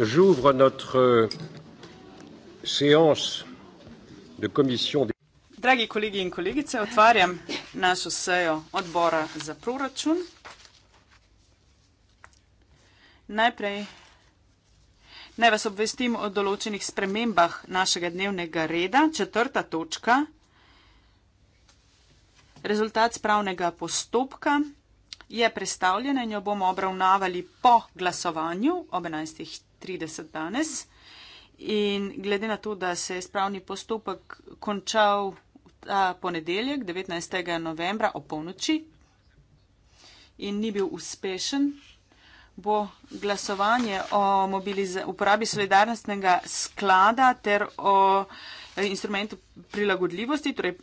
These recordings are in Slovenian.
J'ouvre notre euh, séance de commission. Dragi kolegi in kolegice, otvarjam našo sejo odbora za proračun. Najprej naj vas obvestim o določenih spremembah našega dnevnega reda. Četrta točka. Rezultat spravnega postopka je predstavljen in jo bomo obravnavali po glasovanju ob 11. 30 danes. In glede na to, da se je spravni postopek končal ta ponedeljek, 19. novembra o polnoči in ni bil uspešen, bo glasovanje o uporabi solidarnostnega sklada ter o eh, instrumentu prilagodljivosti, torej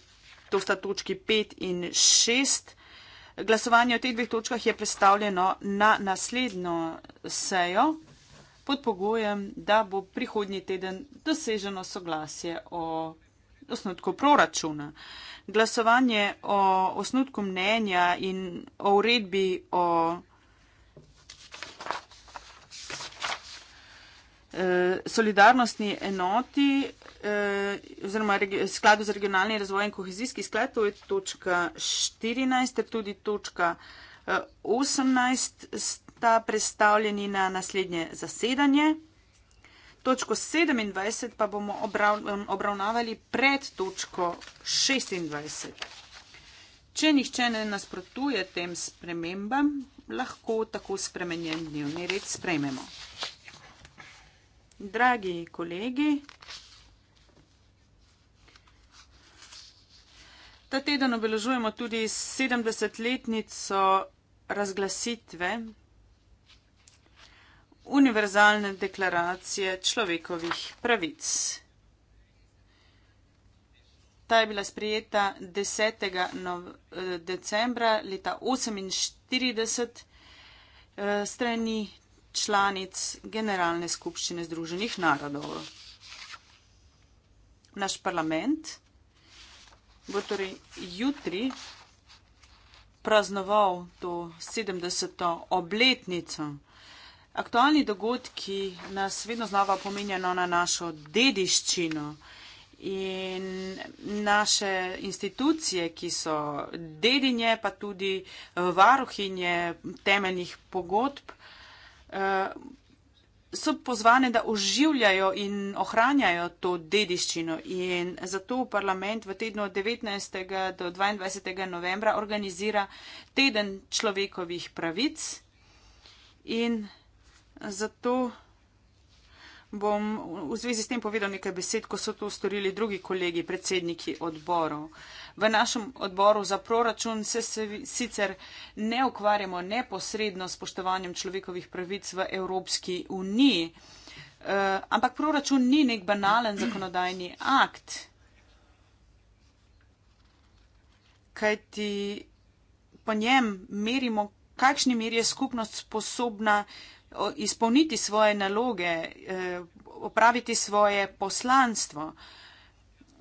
to sta točki 5 in 6. Glasovanje o teh dveh točkah je predstavljeno na naslednjo sejo pod pogojem, da bo prihodnji teden doseženo soglasje o osnutku proračuna. Glasovanje o osnutku mnenja in o uredbi o eh, solidarnostni enoti eh, oziroma skladu za regionalni razvoj in kohezijski sklad, to je točka 14, tudi točka 18 eh, ta predstavljeni na naslednje zasedanje. Točko 27 pa bomo obravnavali pred točko 26. Če nihče ne nasprotuje tem spremembam, lahko tako spremenjen dnevni red sprejmemo. Dragi kolegi, ta teden obeležujemo tudi 70-letnico razglasitve univerzalne deklaracije človekovih pravic. Ta je bila sprijeta 10. Eh, decembra leta 1948 eh, strani članic Generalne skupščine Združenih narodov. Naš parlament bo torej jutri praznoval to 70. obletnico Aktualni dogodki nas vedno znova pomenjajo na našo dediščino in naše institucije, ki so dedinje, pa tudi eh, varuhinje temeljnih pogodb, eh, so pozvane, da oživljajo in ohranjajo to dediščino. In zato parlament v tednu od 19. do 22. novembra organizira teden človekovih pravic in Zato bom v zvezi s tem povedal nekaj besed, ko so to storili drugi kolegi, predsedniki odborov. V našem odboru za proračun se, se sicer ne ukvarjamo neposredno s poštovanjem človekovih pravic v Evropski uniji, eh, ampak proračun ni nek banalen zakonodajni akt. Kajti po njem merimo, kakšni meri je skupnost sposobna izpolniti svoje naloge, e, opraviti svoje poslanstvo.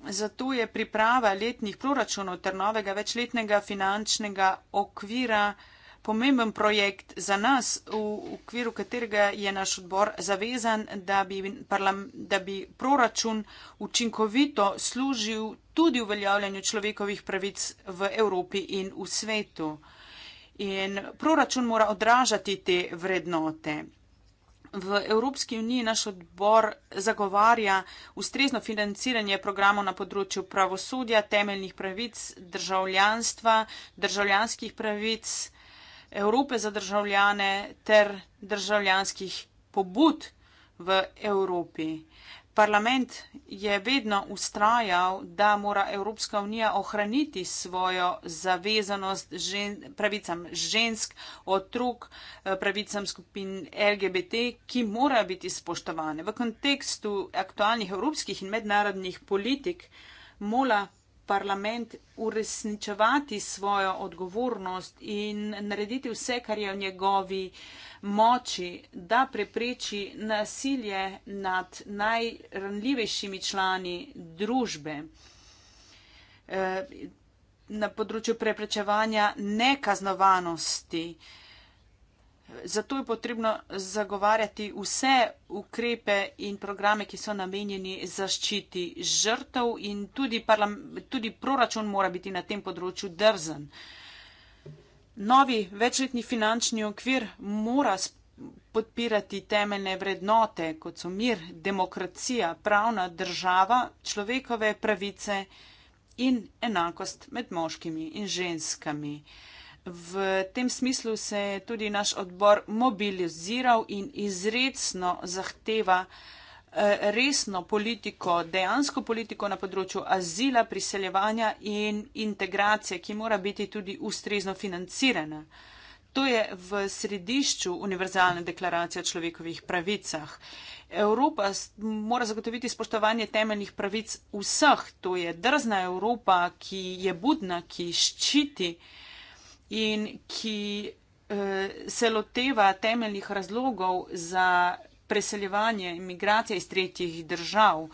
Zato je priprava letnih proračunov ter novega večletnega finančnega okvira pomemben projekt za nas, v okviru katerega je naš odbor zavezan, da bi, parlam, da bi proračun učinkovito služil tudi uveljavljanju človekovih pravic v Evropi in v svetu in proračun mora odražati te vrednote. V Evropski uniji naš odbor zagovarja ustrezno financiranje programov na področju pravosodja, temeljnih pravic, državljanstva, državljanskih pravic Evrope za državljane ter državljanskih pobud v Evropi. Parlament je vedno ustrajal, da mora Evropska unija ohraniti svojo zavezanost žen, pravicam žensk, otrok, eh, pravicam skupin LGBT, ki mora biti spoštovane. V kontekstu aktualnih evropskih in mednarodnih politik mora parlament uresničevati svojo odgovornost in narediti vse, kar je v njegovi moči, da prepreči nasilje nad najranljivejšimi člani družbe eh, na področju preprečevanja nekaznovanosti. Zato je potrebno zagovarjati vse ukrepe in programe, ki so namenjeni zaščiti žrtev in tudi, tudi proračun mora biti na tem področju drzen. Novi večletni finančni okvir mora podpirati temeljne vrednote, kot so mir, demokracija, pravna država, človekove pravice in enakost med moškimi in ženskami. V tem smislu se je tudi naš odbor mobiliziral in izredno zahteva eh, resno politiko, dejansko politiko na področju azila, priseljevanja in integracije, ki mora biti tudi ustrezno financirana. To je v središču Univerzalne deklaracije o človekovih pravicah. Evropa mora zagotoviti spoštovanje temeljnih pravic vseh. To je drzna Evropa, ki je budna, ki ščiti in ki uh, se loteva temeljnih razlogov za preseljevanje in migracije iz tretjih držav,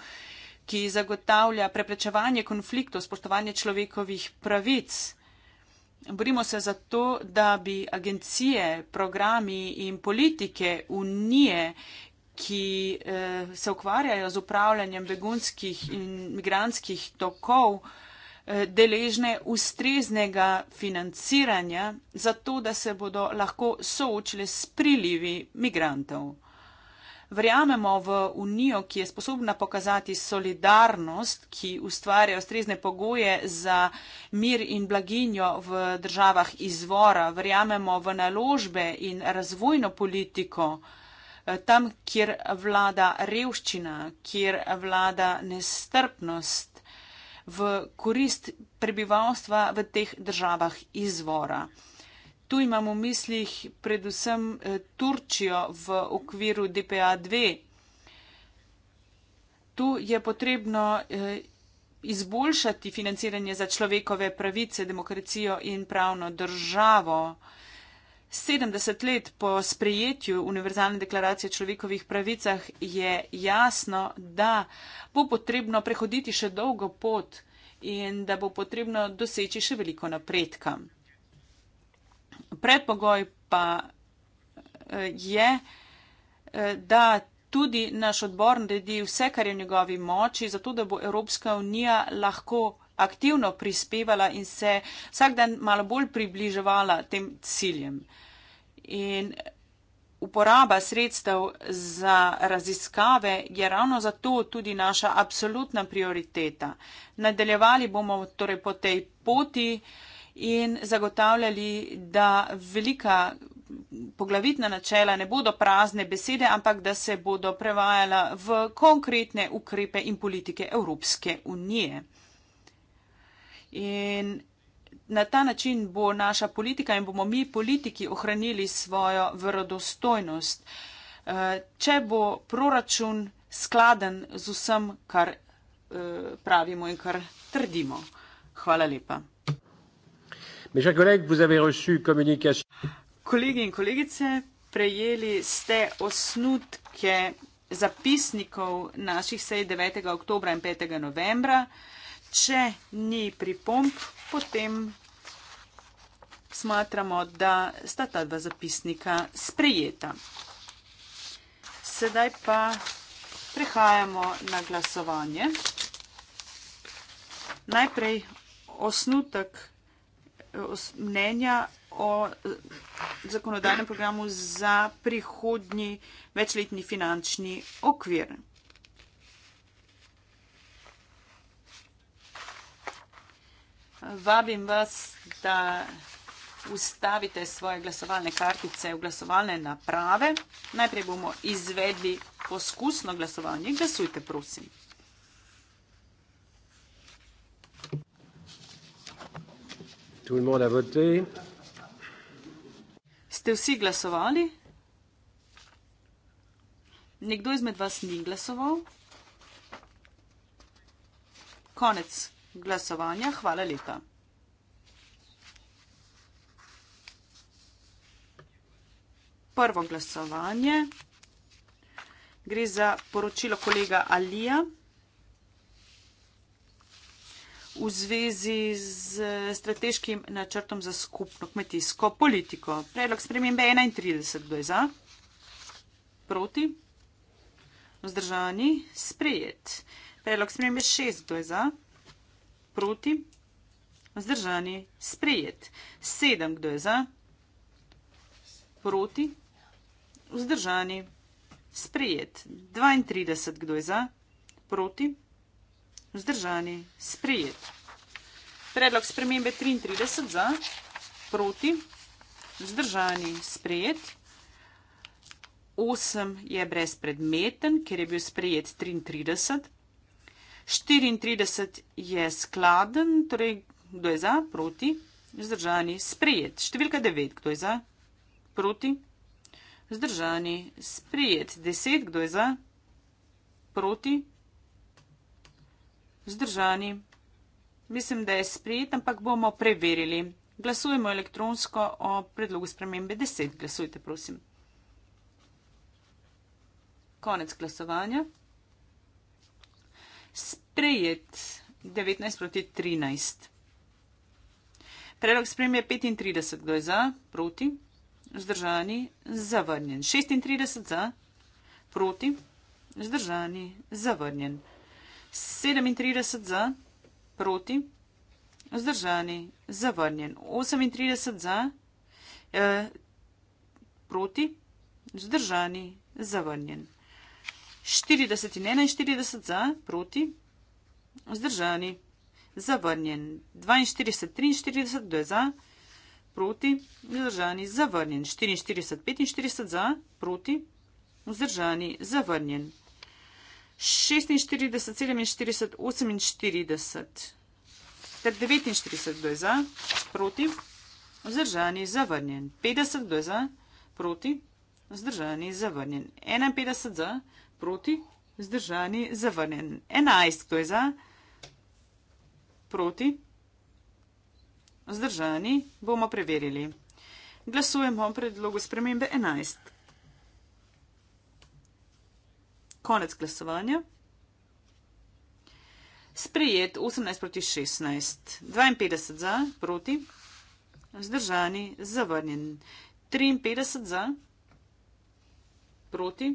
ki zagotavlja preprečevanje konfliktov, spoštovanje človekovih pravic. Borimo se za to, da bi agencije, programi in politike unije, ki uh, se ukvarjajo z upravljanjem begunskih in migranskih tokov, uh, Eh, deležne ustreznega financiranja, zato da se bodo lahko soočile s prilivi migrantov. Verjamemo v Unijo, ki je sposobna pokazati solidarnost, ki ustvarja ustrezne pogoje za mir in blaginjo v državah izvora. Verjamemo v naložbe in razvojno politiko eh, tam, kjer vlada revščina, kjer vlada nestrpnost, v korist prebivalstva v teh državah izvora. Tu imamo v mislih predvsem eh, Turčijo v okviru DPA 2. Tu je potrebno eh, izboljšati financiranje za človekove pravice, demokracijo in pravno državo. 70 let po sprejetju Univerzalne deklaracije o človekovih pravicah je jasno, da bo potrebno prehoditi še dolgo pot in da bo potrebno doseči še veliko napredka. Predpogoj pa eh, je, eh, da tudi naš odbor naredi vse, kar je v njegovi moči, zato da bo Evropska unija lahko aktivno prispevala in se vsak dan malo bolj približevala tem ciljem. In uporaba sredstev za raziskave je ravno zato tudi naša absolutna prioriteta. Nadaljevali bomo torej po tej poti in zagotavljali, da velika poglavitna načela ne bodo prazne besede, ampak da se bodo prevajala v konkretne ukrepe in politike Evropske unije. In na ta način bo naša politika in bomo mi politiki ohranili svojo verodostojnost, eh, če bo proračun skladen z vsem, kar eh, pravimo in kar trdimo. Hvala lepa. Kolegi in kolegice, prejeli ste osnutke zapisnikov naših sej 9. oktobra in 5. novembra. Če ni pripomp, potem smatramo, da sta ta dva zapisnika sprejeta. Sedaj pa prehajamo na glasovanje. Najprej osnutek mnenja o eh, zakonodajnem programu za prihodnji večletni finančni okvir. Vabim vas, da ustavite svoje glasovalne kartice v glasovalne naprave. Najprej bomo izvedli poskusno glasovanje. Glasujte, prosim. Ste vsi glasovali? Nekdo izmed vas ni glasoval? Konec glasovanja. Hvala lepa. Prvo glasovanje gre za poročilo kolega Alija v zvezi z strateškim načrtom za skupno kmetijsko politiko. Predlog spremembe 31. Kdo je za? Proti? Vzdržani? Sprejet. Predlog spremembe 6. Kdo je za? proti, vzdržani, sprejet. Sedem, kdo je za, proti, vzdržani, sprejet. 32, kdo je za, proti, vzdržani, sprejet. Predlog spremembe 33 za, proti, vzdržani, sprejet. 8 je brezpredmeten, ker je bil sprejet 33, 34 je skladen, torej kdo je za, proti, vzdržani, sprejet. Številka 9, kdo je za, proti, vzdržani, sprejet. 10, kdo je za, proti, vzdržani. Mislim, da je sprejet, ampak bomo preverili. Glasujemo elektronsko o predlogu spremembe 10. Glasujte, prosim. Konec glasovanja sprejet 19 proti 13. Predlog sprejem je 35, kdo je za, proti, zdržani, zavrnjen. 36 za, proti, zdržani, zavrnjen. 37 za, proti, zdržani, zavrnjen. 38 za, eh, proti, zdržani, zavrnjen. 40 in 41 za, proti, vzdržani, zavrnjen, 42, 43, kdo je za, proti, vzdržani, zavrnjen, 44, 45 za, proti, vzdržani, zavrnjen, 46, 47, 48 ter 49, kdo je za, proti, vzdržani, zavrnjen, 50, kdo je za, proti, vzdržani, zavrnjen, 51 za, proti, proti, zdržani, zavrnjen. 11, kdo je za, proti, zdržani, bomo preverili. Glasujemo o predlogu spremembe 11. Konec glasovanja. Sprejet 18 proti 16, 52 za, proti, zdržani, zavrnjen. 53 za, proti,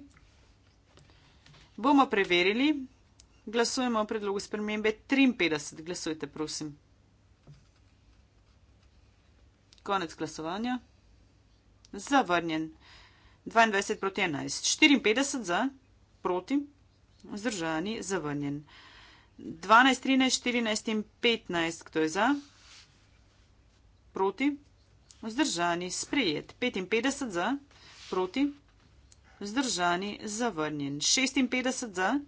Bomo preverili. Glasujemo o predlogu spremembe 53. Glasujte, prosim. Konec glasovanja. Zavrnjen. 22 proti 11. 54 za, proti, vzdržani, zavrnjen. 12, 13, 14 in 15, kdo je za, proti, vzdržani, sprejet. 55 za, proti, vzdržani vzdržani, zavrnjen. 56 za,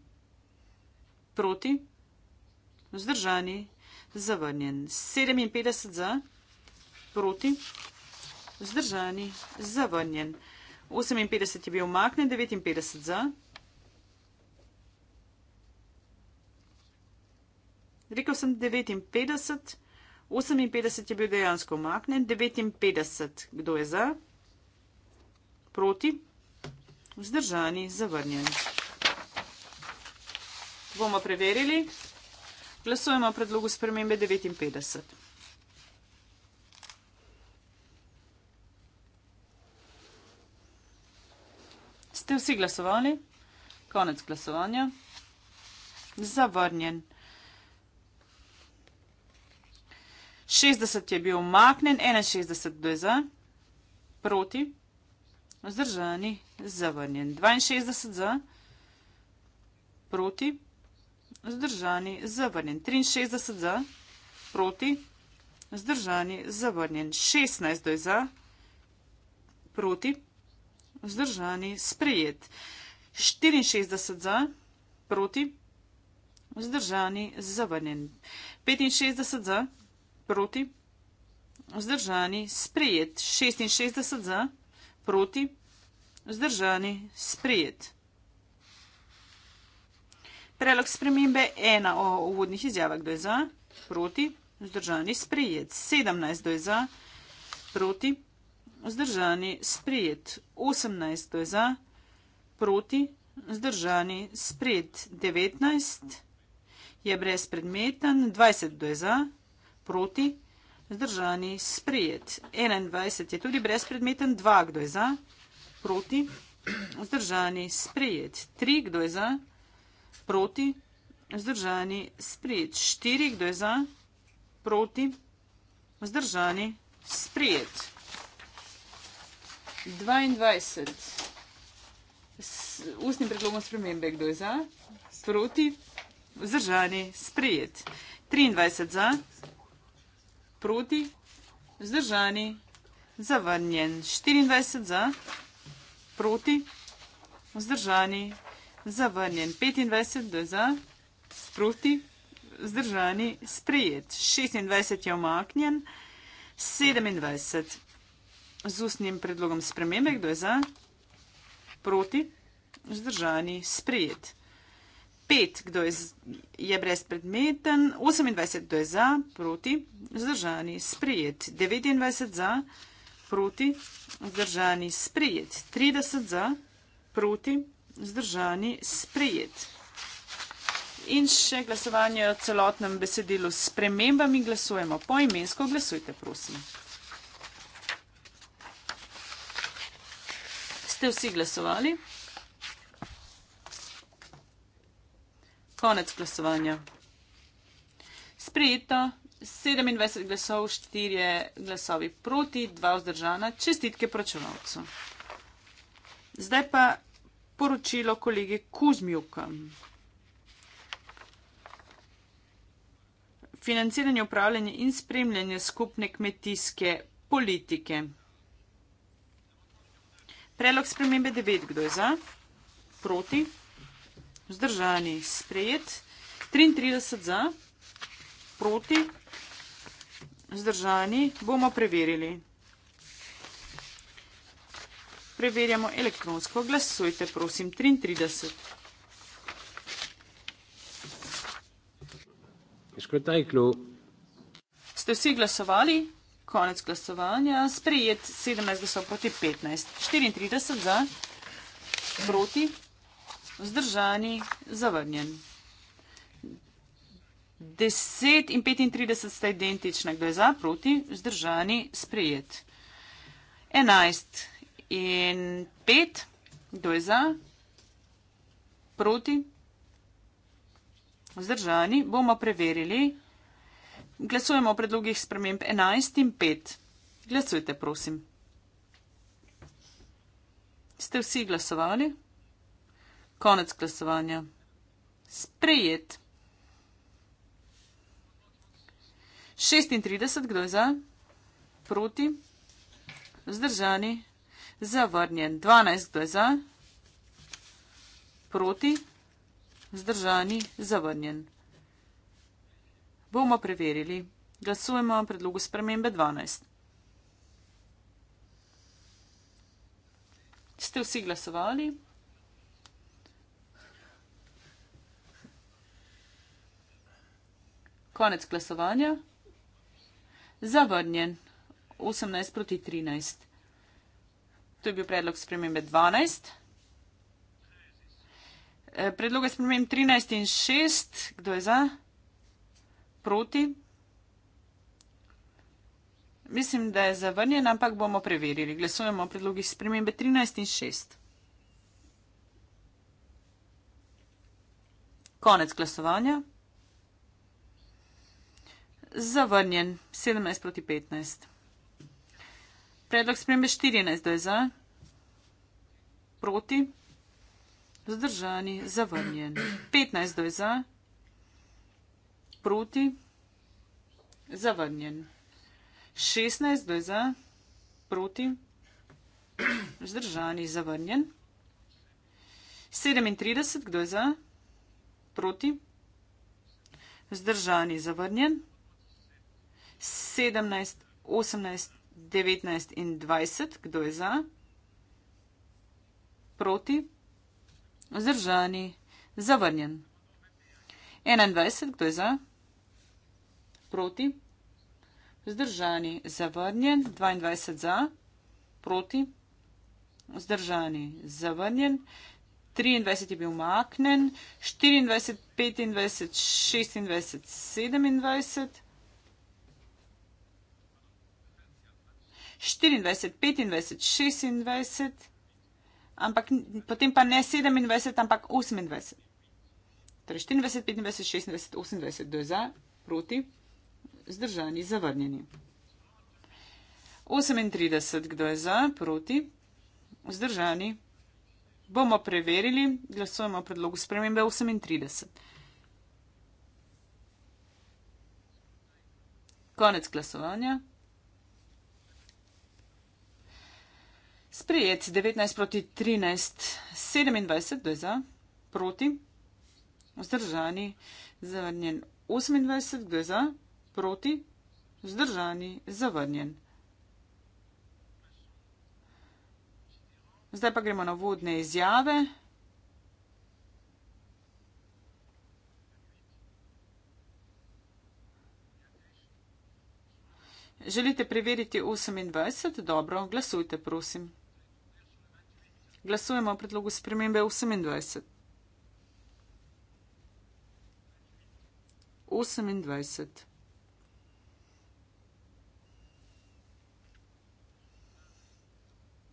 proti, vzdržani, zavrnjen. 57 za, proti, vzdržani, zavrnjen. 58 je bil umaknen, 59 za. Rekel sem 59, 58 je bil dejansko umaknen, 59, kdo je za? Proti, vzdržani, zavrnjeni. Bomo preverili. Glasujemo o predlogu spremembe 59. Ste vsi glasovali? Konec glasovanja. Zavrnjen. 60 je bil omaknen, 61 je za, proti vzdržani, zavrnjen. 62 za, proti, vzdržani, zavrnjen. 63 za, proti, vzdržani, zavrnjen. 16 do za, proti, vzdržani, sprejet. 64 za, proti, vzdržani, zavrnjen. 65 za, proti, vzdržani, sprejet. 66 za, proti, vzdržani, zavrnjen. Zdržani. Sprijet. Prelog spremembe 1 o uvodnih izjavah. Kdo je za? Proti. Zdržani. Sprijet. 17. Kdo je za? Proti. Zdržani. Sprijet. 18. Kdo je za? Proti. Zdržani. Sprijet. 19. Je brezpredmeten. 20. Kdo je za? Proti. Zdržani. Sprijet. 21. Je tudi brezpredmeten. 2. Kdo je za? Proti proti, vzdržani, sprejet. 3, kdo je za, proti, vzdržani, sprejet. 4, kdo je za, proti, vzdržani, sprejet. 22. S ustnim predlogom spremembe, kdo je za, proti, vzdržani, sprejet. 23 za, proti, vzdržani, zavrnjen. 24 za, proti, vzdržani, zavrnjen, 25 do za, proti, vzdržani, sprejet, 26 je omaknjen, 27 z ustnim predlogom spremembe, kdo je za, proti, vzdržani, sprejet. 5, kdo je brezpredmeten, 28, kdo je za, proti, zdržani, sprijet, 29 za, proti, proti, zdržani, sprejet. 30 za, proti, zdržani, sprejet. In še glasovanje o celotnem besedilu s premembami glasujemo. Poimensko glasujte, prosim. Ste vsi glasovali? Konec glasovanja. Sprejeto 27 glasov, 4 glasovi proti, 2 vzdržana. Čestitke proračunovcu. Zdaj pa poročilo kolege Kuzmjuka. Financiranje, upravljanje in spremljanje skupne kmetijske politike. Predlog spremembe 9. Kdo je za? Proti? Vzdržani? Sprejet? 33 za? Proti? zdržani, bomo preverili. Preverjamo elektronsko. Glasujte, prosim, 33. Ste vsi glasovali? Konec glasovanja. Sprejet 17 glasov proti 15. 34 za, proti, vzdržani, zavrnjen. 10 in 35 sta identična, kdo je za, proti, vzdržani, sprejet. 11 in 5, kdo je za, proti, vzdržani, bomo preverili. Glasujemo o predlogih sprememb 11 in 5. Glasujte, prosim. Ste vsi glasovali? Konec glasovanja. Sprejet. 36, kdo je za? Proti. Zdržani. Zavrnjen. 12, kdo je za? Proti. Zdržani. Zavrnjen. Bomo preverili. Glasujemo o predlogu spremembe 12. Ste vsi glasovali? Konec glasovanja zavrnjen 18 proti 13. To je bil predlog spremembe 12. E, Predloga spremembe 13 in 6. Kdo je za? Proti? Mislim, da je zavrnjen, ampak bomo preverili. Glasujemo o predlogih spremembe 13 in 6. Konec glasovanja zavrnjen 17 proti 15. Predlog spremembe 14 je za, proti, zdržani, zavrnjen. 15 je za, proti, zavrnjen. 16 je za, proti, zdržani, zavrnjen. 37 je za, proti, zdržani, zavrnjen. 17, 18, 19 in 20, kdo je za, proti, vzdržani, zavrnjen. 21, kdo je za, proti, vzdržani, zavrnjen. 22 za, proti, vzdržani, zavrnjen. 23 je bil umaknen, 24, 25, 26, 27. 24, 25, 26, ampak potem pa ne 27, ampak 28. Torej 24, 25, 26, 28, to je za, proti, zdržani, zavrnjeni. 38, kdo je za, proti, vzdržani. Bomo preverili, glasujemo o predlogu spremembe 38. Konec glasovanja. Sprijet 19 proti 13, 27, to je za, proti, vzdržani, zavrnjen 28, to je za, proti, vzdržani, zavrnjen. Zdaj pa gremo na vodne izjave. Želite preveriti 28? Dobro, glasujte, prosim. Glasujemo o predlogu spremembe 28. 28.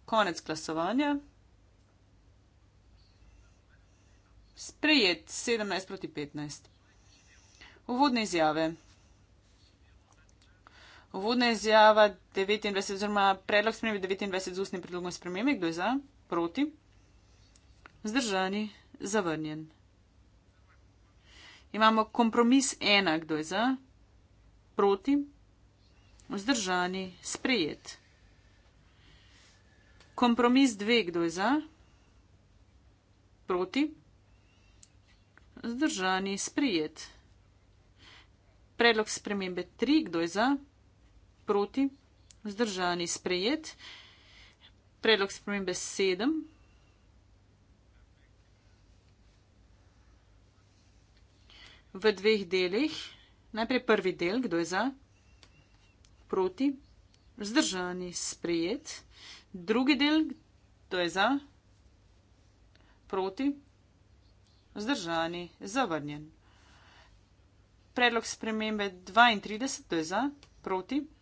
Konec glasovanja. Sprejet 17 proti 15. Uvodne izjave. Uvodna izjava 29, oziroma predlog spremembe 29 z ustnim predlogom spremembe. Kdo je za? Proti? Zdržani? Zavrnjen. Imamo kompromis ena, kdo je za? Proti? Vzdržani, sprejet. Kompromis dve, kdo je za? Proti? Vzdržani, sprejet. Predlog spremembe tri, kdo je za? Proti? Vzdržani, sprejet. Predlog spremembe tri, kdo je za? Proti? Vzdržani, sprejet predlog spremembe sedem. V dveh delih. Najprej prvi del, kdo je za, proti, vzdržani, sprejet. Drugi del, kdo je za, proti, vzdržani, zavrnjen. Predlog spremembe 32, kdo je za, proti, vzdržani.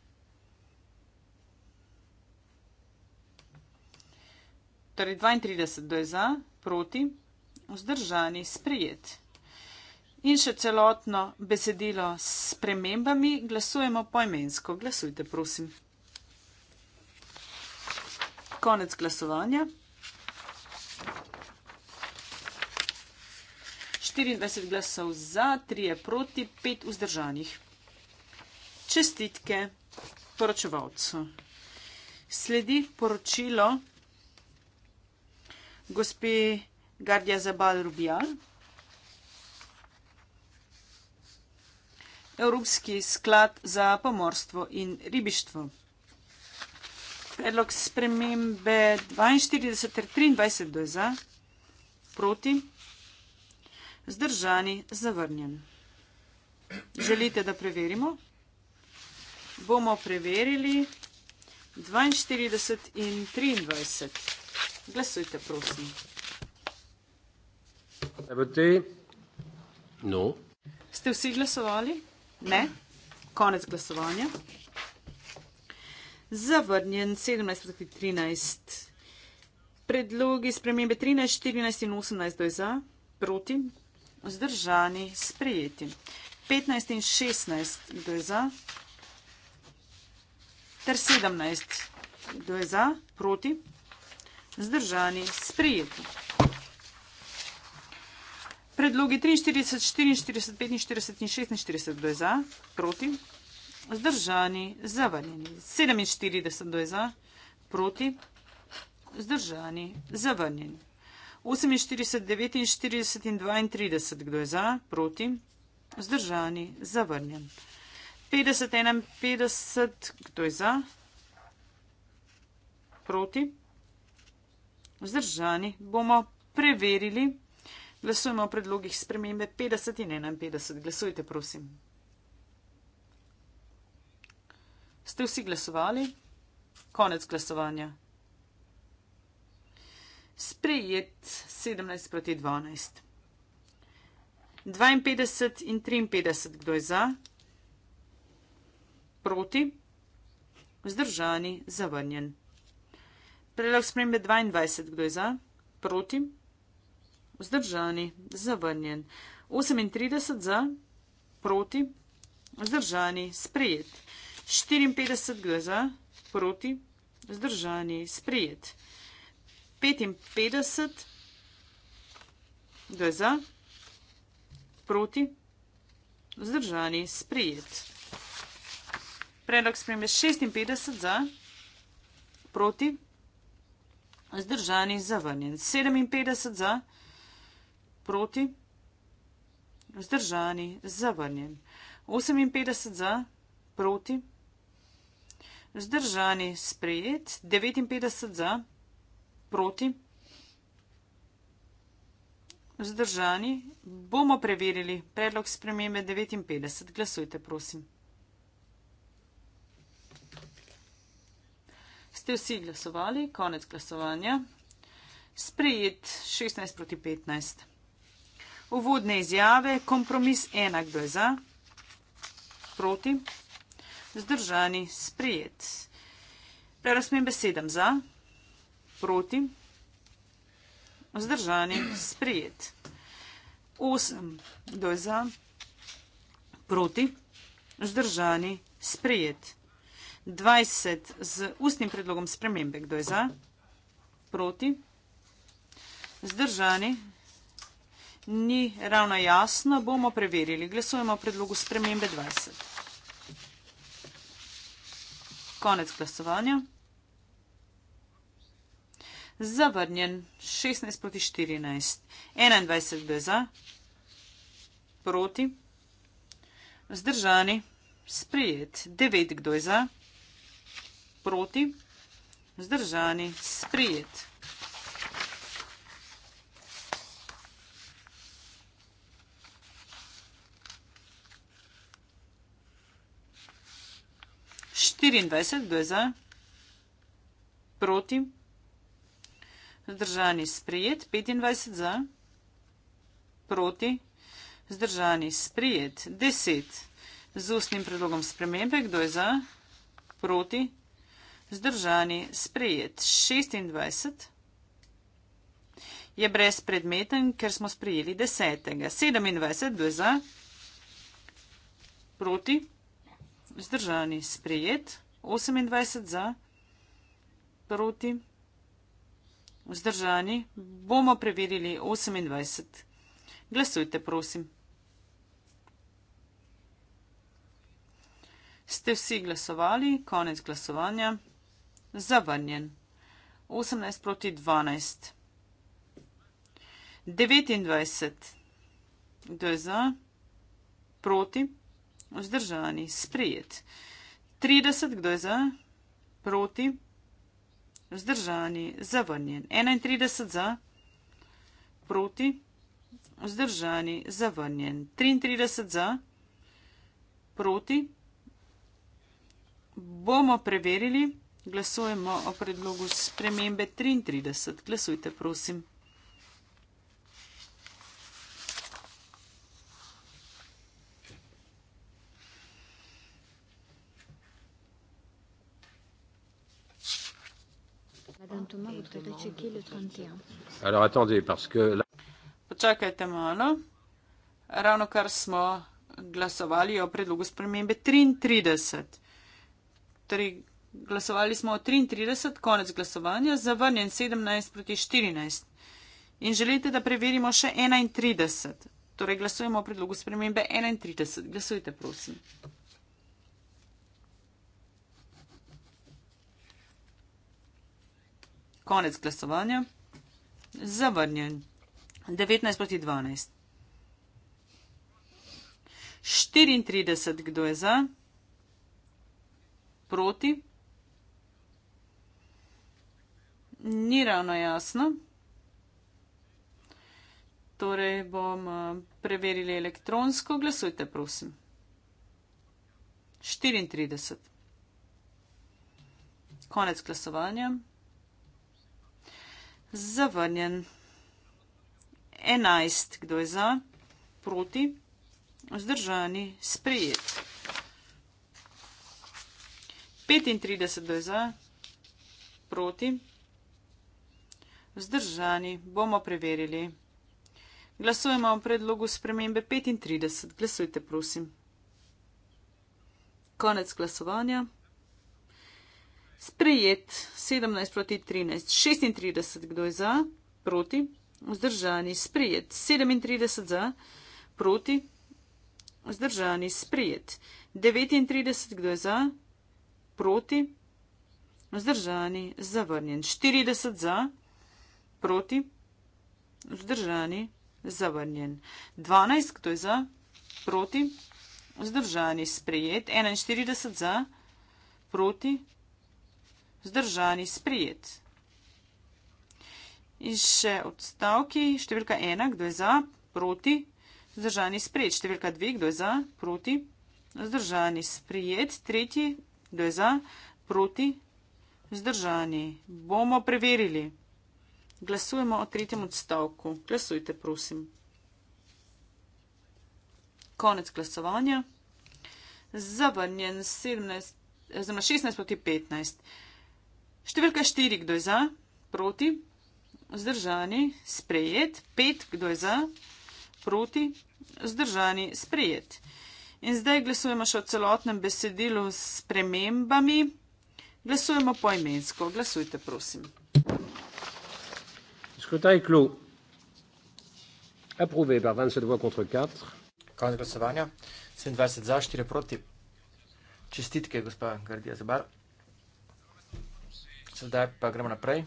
torej 32 do je za, proti, vzdržani, sprijet. In še celotno besedilo s premembami glasujemo poimensko. Glasujte, prosim. Konec glasovanja. 24 glasov za, 3 proti, 5 vzdržanih. Čestitke poročevalcu. Sledi poročilo gospe Gardja Zabal Rubijan. Evropski sklad za pomorstvo in ribištvo. Predlog spremembe 42 ter 23 do je za, proti, zdržani, zavrnjen. Želite, da preverimo? Bomo preverili 42 in 23. Glasujte, prosim. Abote. No. Ste vsi glasovali? Ne. Konec glasovanja. Zavrnjen 17 proti 13. Predlogi spremembe 13, 14 in 18 do za, proti, zdržani, sprejeti. 15 in 16 do za, ter 17 do za, proti, zdržani, sprijeti. Predlogi 43, 44, 45 in 46 do je za, proti, zdržani, zavrnjeni. 47 do je za, proti, zdržani, zavrnjeni. 48, 49 in 32 kdo je za, proti, zdržani, zavrnjen. 50, 51 kdo je za, proti, zdržani. Vzdržani bomo preverili. Glasujemo o predlogih spremembe 50 in 51. Glasujte, prosim. Ste vsi glasovali? Konec glasovanja. Sprejet 17 proti 12. 52 in 53. Kdo je za? Proti? Vzdržani, zavrnjen. Predlog spremembe 22, kdo je za? Proti? Vzdržani, zavrnjen. 38 za, proti, vzdržani, sprejet. 54 kdo je za, proti, vzdržani, sprejet. 55 kdo je za, proti, vzdržani, sprejet. Predlog spremembe 56 za, proti, vzdržani, sprejet. Zdržani, zavrnjen. 57 za, proti. Zdržani, zavrnjen. 58 za, proti. Zdržani, sprejet. 59 za, proti. Zdržani, bomo preverili predlog spremembe 59. Glasujte, prosim. ste vsi glasovali, konec glasovanja. Sprejet 16 proti 15. Uvodne izjave, kompromis enak do za, proti, zdržani, sprejet. Prerasmem besedam za, proti, zdržani, sprejet. 8 do za, proti, zdržani, sprejet. 20 z ustnim predlogom spremembe. Kdo je za? Proti? Zdržani? Ni ravno jasno. Bomo preverili. Glasujemo o predlogu spremembe 20. Konec glasovanja. Zavrnjen 16 proti 14. 21 kdo je za? Proti? Zdržani? Sprejet 9 kdo je za? proti, zdržani, sprijet. Štiriindvajset, kdo je za, proti, zdržani, sprijet, petindvajset za, proti, zdržani, sprijet, deset, z ustnim predlogom spremembe, kdo je za, proti, zdržani, sprijet vzdržani, sprejet 26, je brezpredmeten, ker smo sprejeli 10. 27, kdo je za, proti, vzdržani, sprejet 28, za, proti, vzdržani, bomo preverili 28. Glasujte, prosim. Ste vsi glasovali, konec glasovanja zavrnjen. 18 proti 12. 29. Kdo je za? Proti? Vzdržani. Sprijet. 30. Kdo je za? Proti? Vzdržani. Zavrnjen. 31. Za? Proti? Vzdržani. Zavrnjen. 33. Za? Proti? Bomo preverili. Glasujemo o predlogu spremembe 33. Glasujte, prosim. Počakajte malo. Ravno kar smo glasovali o predlogu spremembe 33. 3, glasovali smo 33, konec glasovanja, zavrnjen 17 proti 14. In želite, da preverimo še 31. Torej glasujemo o predlogu spremembe 31. Glasujte, prosim. Konec glasovanja. Zavrnjen. 19 proti 12. 34. Kdo je za? Proti. ni ravno jasno. Torej bom eh, preverili elektronsko. Glasujte, prosim. 34. Konec glasovanja. Zavrnjen. 11. Kdo je za? Proti. Vzdržani. Sprejet. 35. Kdo je za? Proti. Vzdržani bomo preverili. Glasujemo o predlogu spremembe 35. Glasujte, prosim. Konec glasovanja. Sprejet 17 proti 13. 36. Kdo je za? Proti. Vzdržani. Sprejet 37 za. Proti. Vzdržani. Sprejet 39. Kdo je za? Proti. Vzdržani. Zavrnjen. 40 za. Proti? Vzdržani. Zavrnjen. 12, kdo je za? Proti? Vzdržani. Sprejet. 41 za? Proti? Vzdržani. Sprejet. In še odstavki. Številka 1, kdo je za? Proti? Vzdržani. Sprejet. Številka 2, kdo je za? Proti? Vzdržani. Sprejet. Tretji, kdo je za? Proti? Vzdržani. Bomo preverili. Vzdržani. Glasujemo o tretjem odstavku. Glasujte, prosim. Konec glasovanja. Zavrnjen 17, znam, 16 proti 15. Številka 4, kdo je za, proti, zdržani, sprejet. 5, kdo je za, proti, zdržani, sprejet. In zdaj glasujemo še o celotnem besedilu s premembami. Glasujemo poimensko. Glasujte, prosim. Scrutin est clos. Approuvé par 27 voix contre 4. Quand glasovanja, 27 za, 4 proti. Čestitke, gospa Gardija Zabar. Sedaj pa gremo naprej.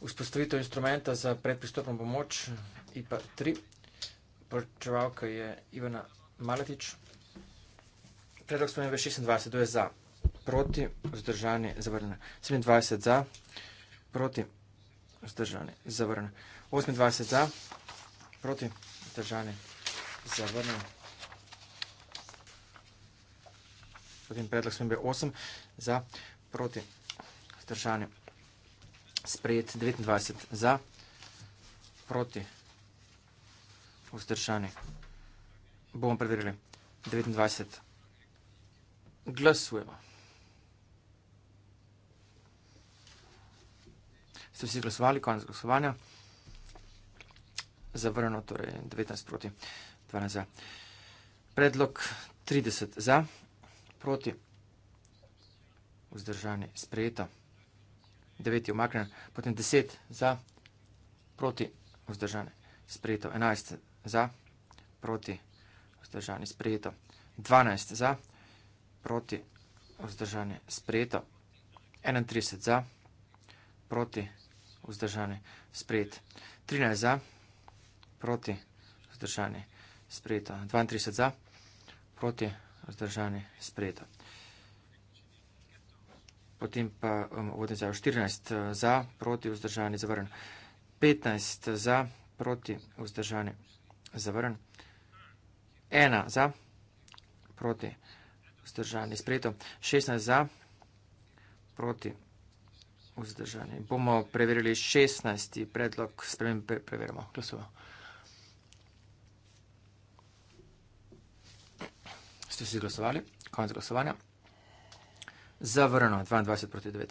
Vzpostavitev instrumenta za predpristopno pomoč IPA 3. Poročevalka je Ivana Maletič. Predlog spremembe 26, kdo je za? proti, vzdržani, zavrnjen. 27 za, proti, vzdržani, zavrnjen. 28 za, proti, vzdržani, zavrnjen. Potem predlog smo imeli 8 za, proti, vzdržani, sprejet. 29 za, proti, vzdržani. Bomo preverili. 29 glasujemo. so vsi glasovali, konec glasovanja. Zavrnjeno, torej 19 proti 12 za. Predlog 30 za, proti, vzdržani, sprejeto. 9 je umaknjen, potem 10 za, proti, vzdržani, sprejeto. 11 za, proti, vzdržani, sprejeto. 12 za, proti, vzdržani, sprejeto. 31 za, proti, vzdržani, sprejeto vzdržane, sprejet. 13 za, proti vzdržane, sprejeta. 32 za, proti vzdržane, sprejeta. Potem pa vodni zajo 14 za, proti vzdržane, zavrn. 15 uh, za, proti vzdržane, zavrn. 1 za, proti vzdržane, sprejeto. 16 za, proti vzdržane, sprejeto vzdržani. Bomo preverili 16. predlog, spremembe pre preverimo. Glasujemo. Ste si glasovali? Konec glasovanja. Zavrno, 22 proti 9.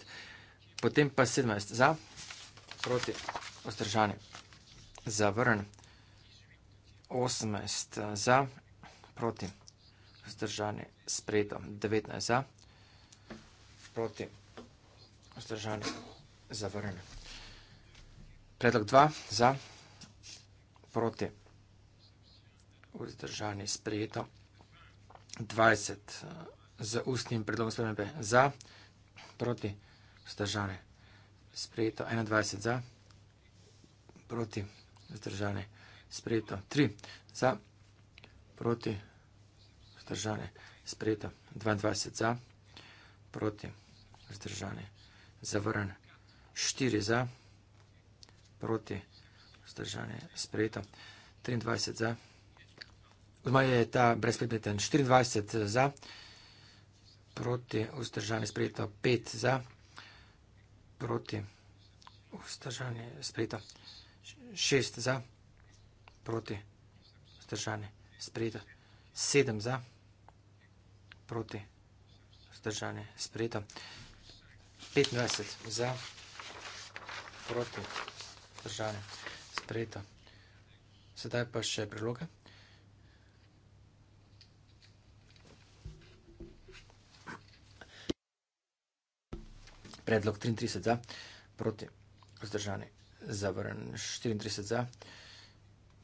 Potem pa 17 za, proti vzdržani. Zavrn, 18 eh, za, proti vzdržani. Spredo, 19 za, proti vzdržani. Vzdržani. Zavrne. Predlog dva. Za. Proti. Vzdržani. Sprejeto. 20. Eh, z ustnim predlogom spremembe. Za. Proti. Vzdržani. Sprejeto. 21. Za. Proti. Vzdržani. Sprejeto. 3. Za. Proti. Vzdržani. Sprejeto. 22. Za. Proti. Vzdržani. Sprejeto zavrn. 4 za, proti, vzdržanje sprejeto. 23 za, oziroma je ta brezpredmeten. 24 za, proti, vzdržanje sprejeto. 5 za, proti, vzdržanje sprejeto. 6 za, proti, vzdržanje sprejeto. 7 za, proti, vzdržanje sprejeto. 25 za proti države sprejeto. Sedaj pa še priloga. Predlog 33 za proti zdržani zavrn 34 za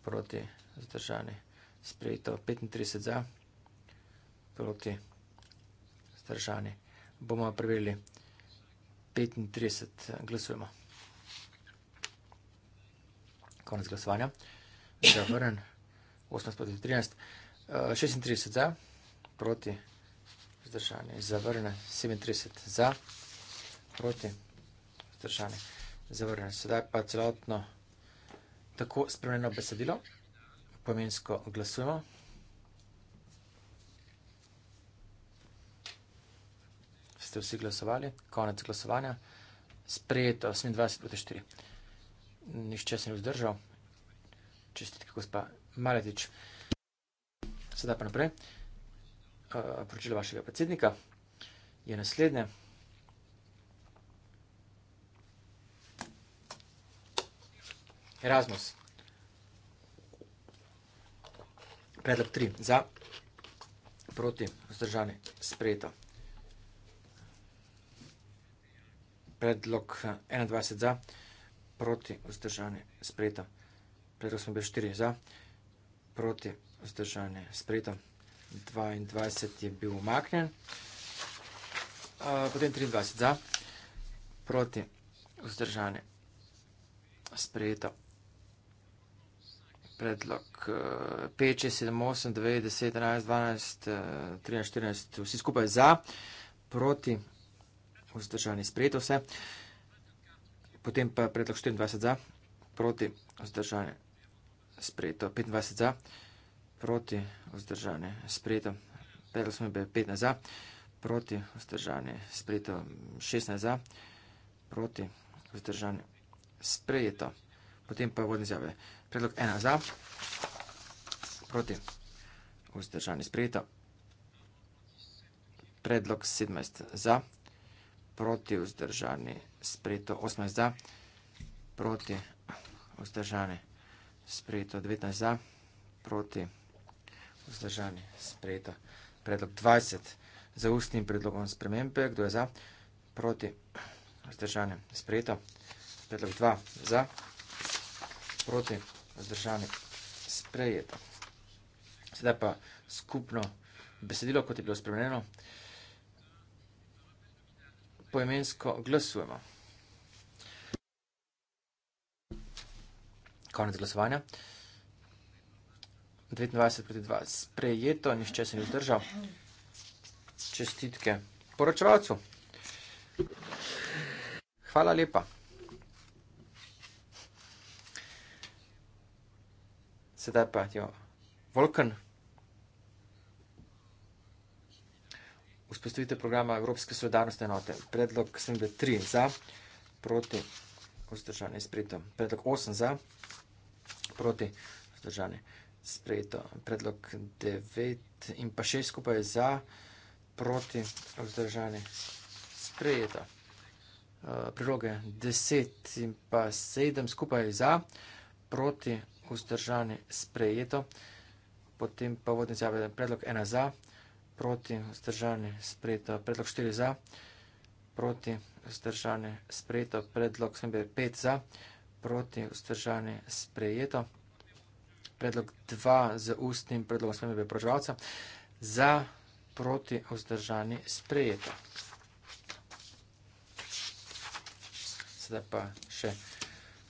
proti zdržani sprejeto 35 za proti zdržani. Bomo preverili 35 glasujemo. Konec glasovanja. Zavrnen. 18 proti 13. 36 eh, za, proti zdržanje. Zavrnen. 37 za, proti zdržanje. Zavrnen. Sedaj pa celotno tako spremljeno besedilo. Pomensko glasujemo. ste vsi glasovali, konec glasovanja, sprejeto 28 proti 4. Nihče se ni vzdržal. Čestitke, gospa Maletič. Sedaj pa naprej. Uh, eh, Pročilo vašega predsednika je naslednje. Erasmus. Predlog 3 za, proti, vzdržani, sprejeto. predlog 21 eh, za, proti vzdržanje sprejeta. Predlog smo bili 4 za, proti vzdržanje sprejeta. 22 je bil umaknjen, eh, potem 23 za, proti vzdržanje sprejeta. Predlog 5, 6, 7, 8, 9, 10, 11, 12, 13, 14, vsi skupaj za, proti vzdržani sprejeto vse. Potem pa predlog 24 za, proti vzdržani sprejeto 25 za, proti vzdržani sprejeto. Predlog smo imeli 15 za, proti vzdržani sprejeto 16 za, proti vzdržani sprejeto. Potem pa vodne zjave. Predlog 1 za, proti vzdržani sprejeto. Predlog 17 za, proti vzdržani, sprejeto 18 za, proti vzdržani, sprejeto 19 za, proti vzdržani, sprejeto predlog 20 za ustnim predlogom spremembe, kdo je za, proti vzdržani, sprejeto predlog 2 za, proti vzdržani, sprejeto. Sedaj pa skupno besedilo, kot je bilo spremenjeno poimensko glasujemo. Konec glasovanja. 29 proti 2. Sprejeto, nišče se ni vzdržal. Čestitke poročevalcu. Hvala lepa. Sedaj pa je Volkan. vzpostavitev programa Evropske solidarnostne enote. Predlog 73 za, proti vzdržanje sprejeto. Predlog 8 za, proti vzdržanje sprejeto. Predlog 9 in pa 6 skupaj za, proti vzdržanje sprejeto. Eh, priloge 10 in pa 7 skupaj za, proti vzdržanje sprejeto. Potem pa vodne zjave predlog 1 za, proti vzdržane sprejeto, predlog 4 za, proti vzdržane sprejeto, predlog 5 za, proti vzdržane sprejeto, predlog 2 z ustnim predlogom smembe proživalca, za, proti vzdržane sprejeto. Sedaj pa še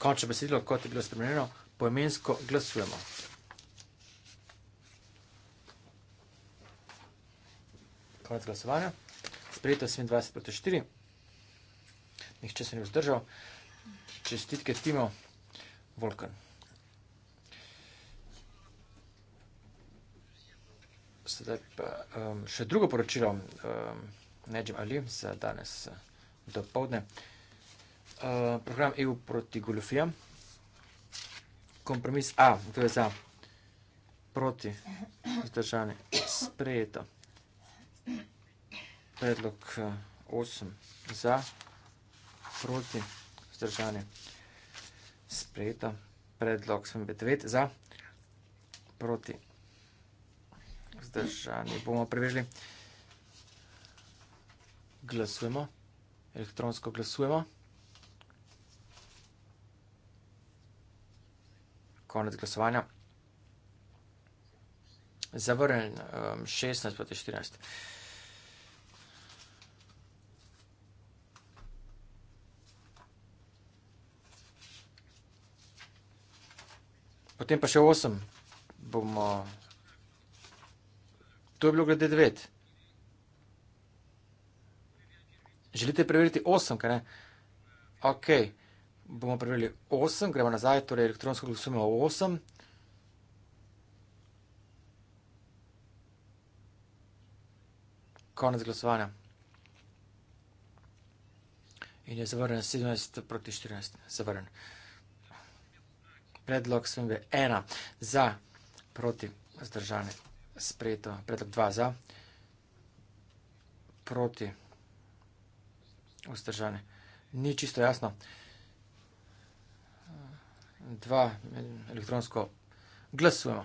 končno besedilo, kot je bilo spremenjeno, poimensko glasujemo. konec glasovanja. Sprejeto 27 proti 4. Nihče se ni vzdržal. Čestitke Timo Volkan. Sedaj pa um, še drugo poročilo um, Nedžem Ali za danes uh, do povdne. Uh, program EU proti goljofijam. Kompromis A, kdo je za? Proti. Vzdržani. Sprejeto predlog 8 eh, za, proti, vzdržanje sprejeto, predlog 9 za, proti, vzdržanje bomo prevežili. Glasujemo, elektronsko glasujemo. Konec glasovanja. Zavrnjen 16 eh, proti 14. Potem pa še 8 bomo. To je bilo glede 9. Želite preveriti 8, kaj ne? Ok, bomo preverili 8, gremo nazaj, torej elektronsko glasujemo 8. Konec glasovanja. In je zavrnen 17 proti 14. Zavrnen predlog SMV 1 za proti zdržane sprejeto, predlog 2 za proti vzdržane. Ni čisto jasno. Dva elektronsko glasujemo.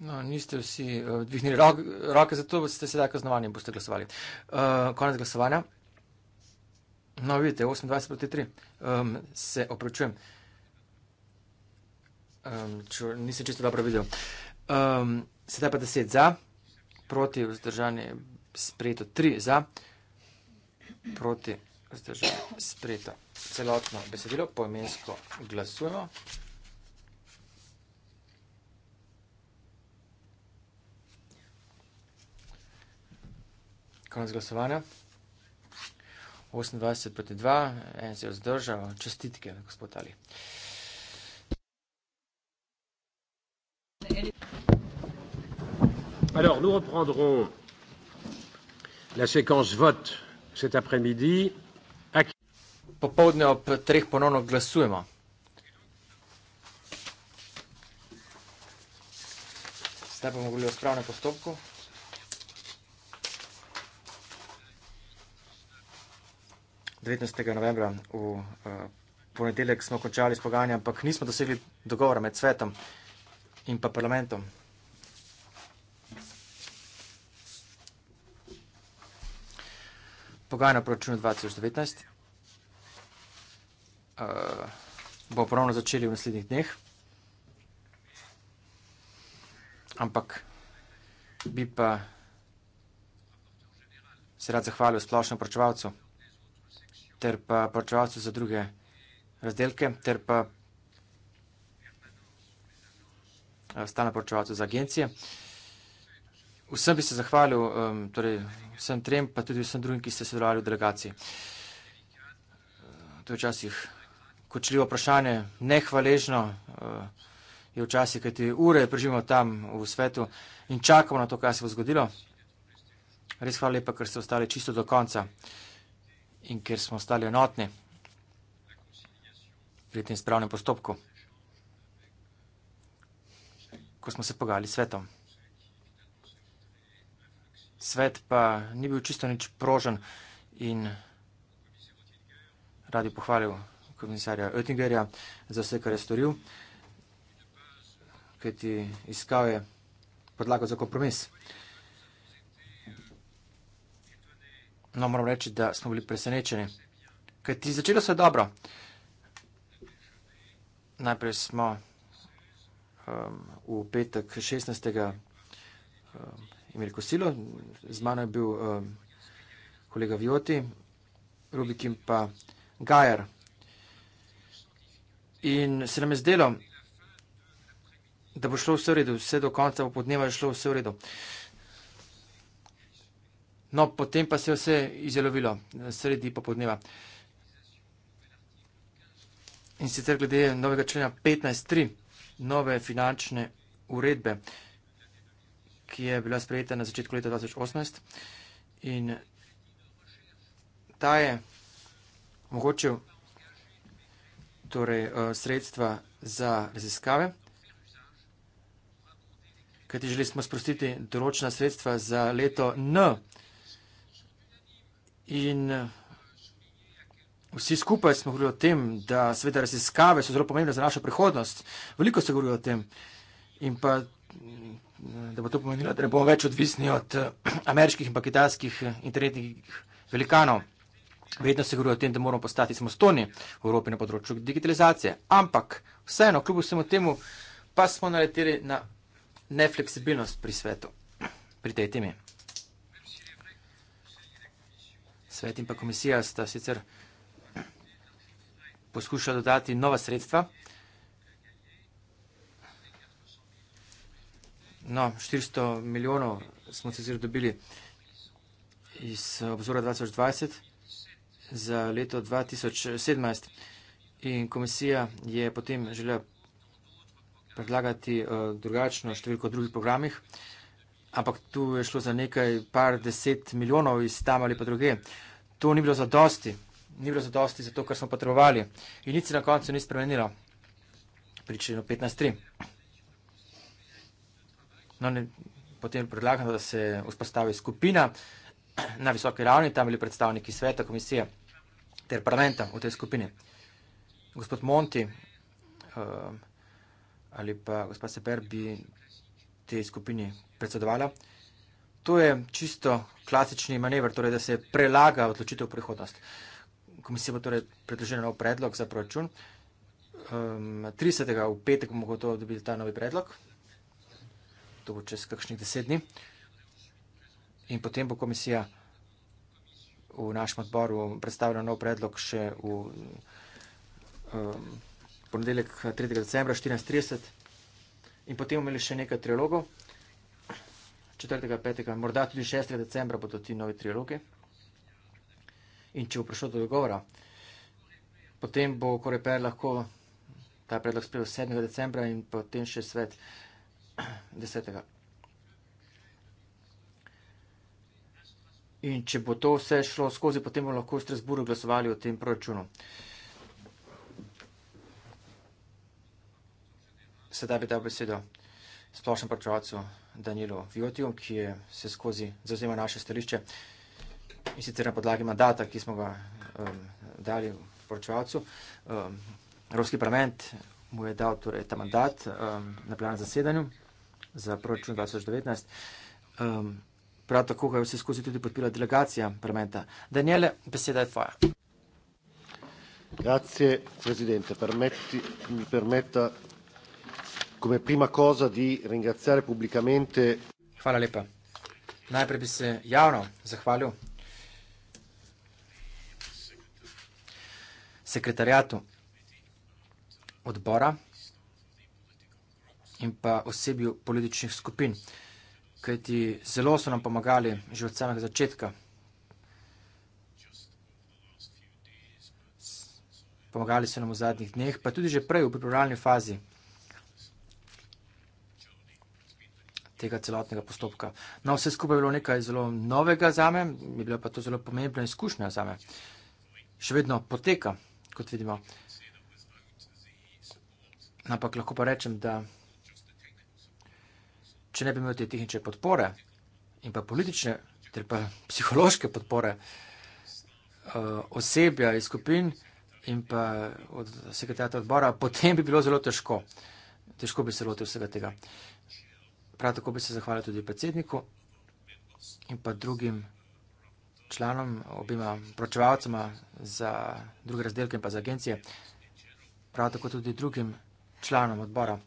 No, niste vsi uh, eh, dvihnili roke, zato ste sedaj kaznovani in boste glasovali. Uh, konec glasovanja. No, vidite, 28 proti 3, um, se opravičujem. Um, nisem čisto dobro videl. Um, sedaj pa 10 za, proti vzdržanje sprejeto 3 za, proti vzdržanje sprejeto celotno besedilo, poimensko glasujemo. Konec glasovanja. 28 proti 2, en se je vzdržal, čestitke, gospod Ali. Alors, nous reprendrons la séquence vote cet après-midi. Popovdne ob treh ponovno glasujemo. Zdaj bomo govorili o spravnem postopku. 19. novembra v eh, ponedeljek smo končali s pogajanjem, ampak nismo dosegli dogovora med svetom in pa parlamentom. Pogajanje o proračunu 2019 uh, eh, bo ponovno začeli v naslednjih dneh, ampak bi pa se rad zahvalil splošnemu proračevalcu ter pa plačevalcu za druge razdelke, ter pa eh, stalno plačevalcu za agencije. Vsem bi se zahvalil, torej vsem trem, pa tudi vsem drugim, ki ste sodelovali v delegaciji. Eh, to je včasih kočljivo vprašanje, nehvaležno eh, je včasih, kajti ure preživimo tam v svetu in čakamo na to, kaj se bo zgodilo. Res hvala lepa, ker ste ostali čisto do konca in ker smo ostali enotni pri tem spravnem postopku, ko smo se pogajali s svetom. Svet pa ni bil čisto nič prožen in rad bi pohvalil komisarja Oettingerja za vse, kar je storil, kajti iskal je podlago za kompromis. No, moram reči, da smo bili presenečeni. Kaj ti začelo se dobro? Najprej smo um, v petek 16. Um, imeli kosilo, z mano je bil um, kolega Vjoti, Rubik in pa Gajer. In se nam je zdelo, da bo šlo vse v redu, vse do konca popodneva je šlo vse v redu. No, potem pa se je vse izjelovilo sredi popodneva. In sicer glede novega člena 15.3, nove finančne uredbe, ki je bila sprejeta na začetku leta 2018. In ta je omogočil torej, eh, sredstva za raziskave, kajti želeli smo sprostiti določena sredstva za leto N. In eh, vsi skupaj smo govorili o tem, da seveda raziskave so zelo pomembne za našo prihodnost. Veliko se govorijo o tem. In pa, mm, da bo to pomenilo, da ne bomo več odvisni od eh, ameriških in pa kitajskih eh, internetnih velikanov. Vedno se govorijo o tem, da moramo postati samostoni v Evropi na področju digitalizacije. Ampak, vseeno, kljub vsemu temu, pa smo naleteli na nefleksibilnost pri svetu, pri tej temi. Svet in pa komisija sta sicer poskušala dodati nova sredstva. No, 400 milijonov smo sicer dobili iz obzora 2020 za leto 2017 in komisija je potem želela predlagati eh, drugačno številko v drugih programih, ampak tu je šlo za nekaj par deset milijonov iz tam ali pa druge to ni bilo zadosti, ni bilo zadosti za to, kar smo potrebovali. In nič se na koncu ni spremenilo. Pričeli smo 15.3. No, potem predlagam, da se vzpostavi skupina na visoki ravni, tam bili predstavniki sveta, komisije ter parlamenta v tej skupini. Gospod Monti eh, ali pa gospod Seber bi tej skupini predsedovala. To je čisto klasični manever, torej, da se prelaga odločitev v prihodnost. Komisija bo torej predložila nov predlog za proračun. Um, ehm, 30. v petek bomo gotovo dobili ta novi predlog, to bo čez kakšnih deset dni. In potem bo komisija v našem odboru predstavila nov predlog še v um, ponedeljek 3. decembra 14.30 in potem imeli še nekaj trilogov. 4., 5., morda tudi 6. decembra bodo ti novi trialogi. In če bo prišlo do dogovora, potem bo Koreper lahko ta predlog sprejel 7. decembra in potem še svet 10. In če bo to vse šlo skozi, potem bomo lahko v Strasburu glasovali o tem proračunu. Sedaj bi dal besedo splošnemu proračunu. Danilu Vjotiju, ki je se skozi zazema naše stališče in sicer na podlagi mandata, ki smo ga um, dali v poročevalcu. Um, Evropski parlament mu je dal torej, ta mandat um, na plan zasedanju za proračun 2019. Um, prav tako ga je vse skozi tudi podpila delegacija parlamenta. Daniele, beseda je tvoja. Grazie, presidente. Permetti, mi permetta Come prima cosa di ringraziare pubblicamente. Hvala lepa. Najprej bi se javno zahvalil sekretarjatu odbora in pa osebju političnih skupin, kajti zelo so nam pomagali že od samega začetka. Pomagali so nam v zadnjih dneh, pa tudi že prej v pripravljalni fazi. tega celotnega postopka. No, vse skupaj je bilo nekaj zelo novega za me, je bila pa to zelo pomembna izkušnja za me. Še vedno poteka, kot vidimo. Ampak lahko pa rečem, da če ne bi imel te tehnične podpore in pa politične ter pa psihološke podpore eh, osebja iz skupin in pa od sekretarja odbora, potem bi bilo zelo težko. Težko bi se lotil vsega tega. Prav tako bi se zahvalil tudi predsedniku in pa drugim članom, obima pročevalcema za druge razdelke in pa za agencije, prav tako tudi drugim članom odbora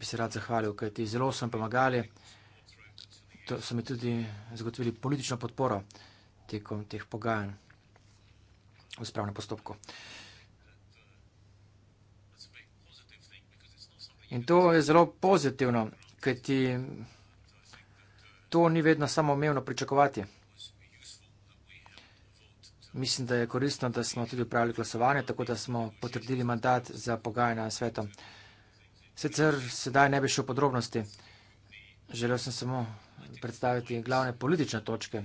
bi se rad zahvalil, kaj ti zelo so mi pomagali, to so mi tudi zagotovili politično podporo tekom teh pogajanj v spravnem postopku. In to je zelo pozitivno, ker ti to ni vedno samo umevno pričakovati. Mislim, da je koristno, da smo tudi upravili glasovanje, tako da smo potrdili mandat za pogajanje na svetom. Sicer sedaj ne bi šel podrobnosti. Želel sem samo predstaviti glavne politične točke,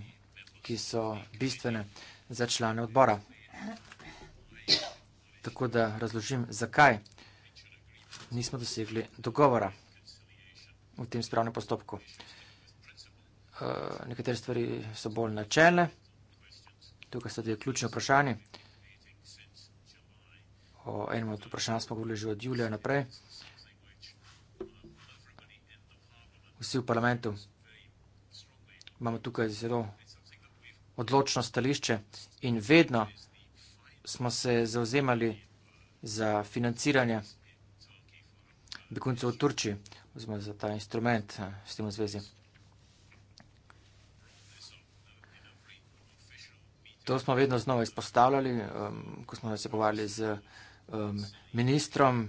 ki so bistvene za člane odbora. Tako da razložim, zakaj nismo dosegli dogovora v tem spravnem postopku. Eh, nekatere stvari so bolj načelne. Tukaj so dve ključni vprašanji. O enem od vprašanj smo govorili že od julija naprej. Vsi v parlamentu imamo tukaj zelo odločno stališče in vedno smo se zauzemali za financiranje beguncev v Turčiji, oziroma za ta instrument eh, s tem v zvezi. To smo vedno znova izpostavljali, um, ko smo se povarjali z um, ministrom,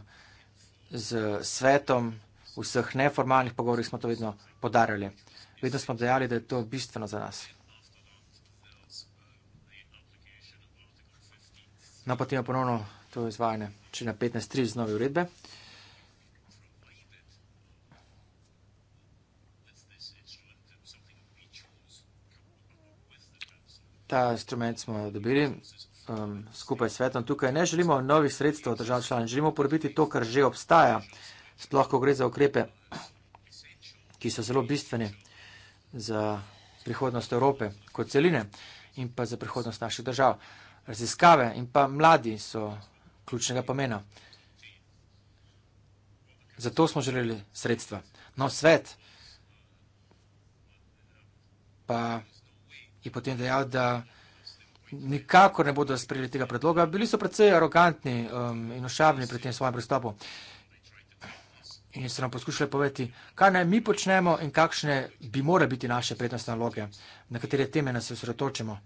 z svetom, v vseh neformalnih pogovorih smo to vedno podarjali. Vedno smo dejali, da je to bistveno za nas. No, potem je ponovno to izvajanje, če na 15.3 z nove uredbe. ta instrument smo dobili um, skupaj s svetom. Tukaj ne želimo novih sredstev od držav članic, želimo uporabiti to, kar že obstaja, sploh ko gre za ukrepe, ki so zelo bistveni za prihodnost Evrope kot celine in pa za prihodnost naših držav. Raziskave in pa mladi so ključnega pomena. Zato smo želeli sredstva. No, svet pa je potem dejal, da nikakor ne bodo sprejeli tega predloga. Bili so predvsej arogantni um, in ošavni pri tem svojem pristopu. In so nam poskušali povedati, kaj naj mi počnemo in kakšne bi morale biti naše prednostne naloge, na katere teme nas osredotočimo.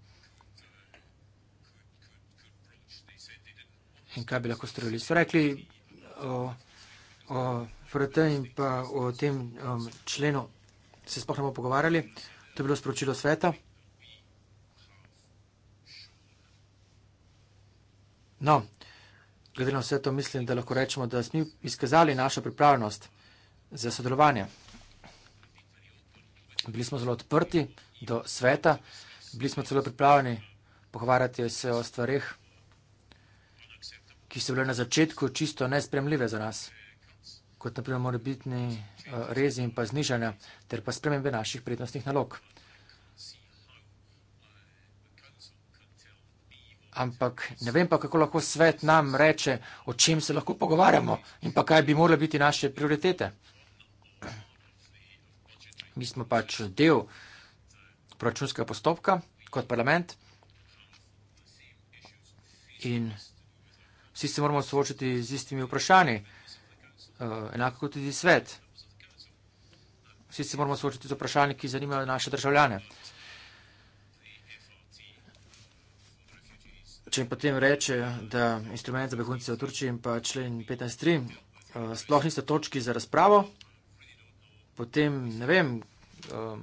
In kaj bi lahko storili? So rekli o, o FRT in pa o tem um, členu, se spohnemo pogovarjali, to je bilo sporočilo sveta. No, glede na vse to, mislim, da lahko rečemo, da smo izkazali našo pripravljenost za sodelovanje. Bili smo zelo odprti do sveta, bili smo celo pripravljeni pogovarjati se o stvarih, ki so bile na začetku čisto nespremljive za nas, kot naprimer morebitni eh, rezi in pa znižanja, ter pa spremembe naših prednostnih nalog. ampak ne vem pa, kako lahko svet nam reče, o čem se lahko pogovarjamo in pa kaj bi morali biti naše prioritete. Mi smo pač del proračunskega postopka kot parlament in vsi se moramo soočiti z istimi vprašanji, eh, enako kot tudi svet. Vsi se moramo soočiti z vprašanji, ki zanimajo naše državljane. če jim potem reče, da instrument za begunce v Turčiji in pa člen 15.3 eh, sploh niste točki za razpravo, potem ne vem, eh,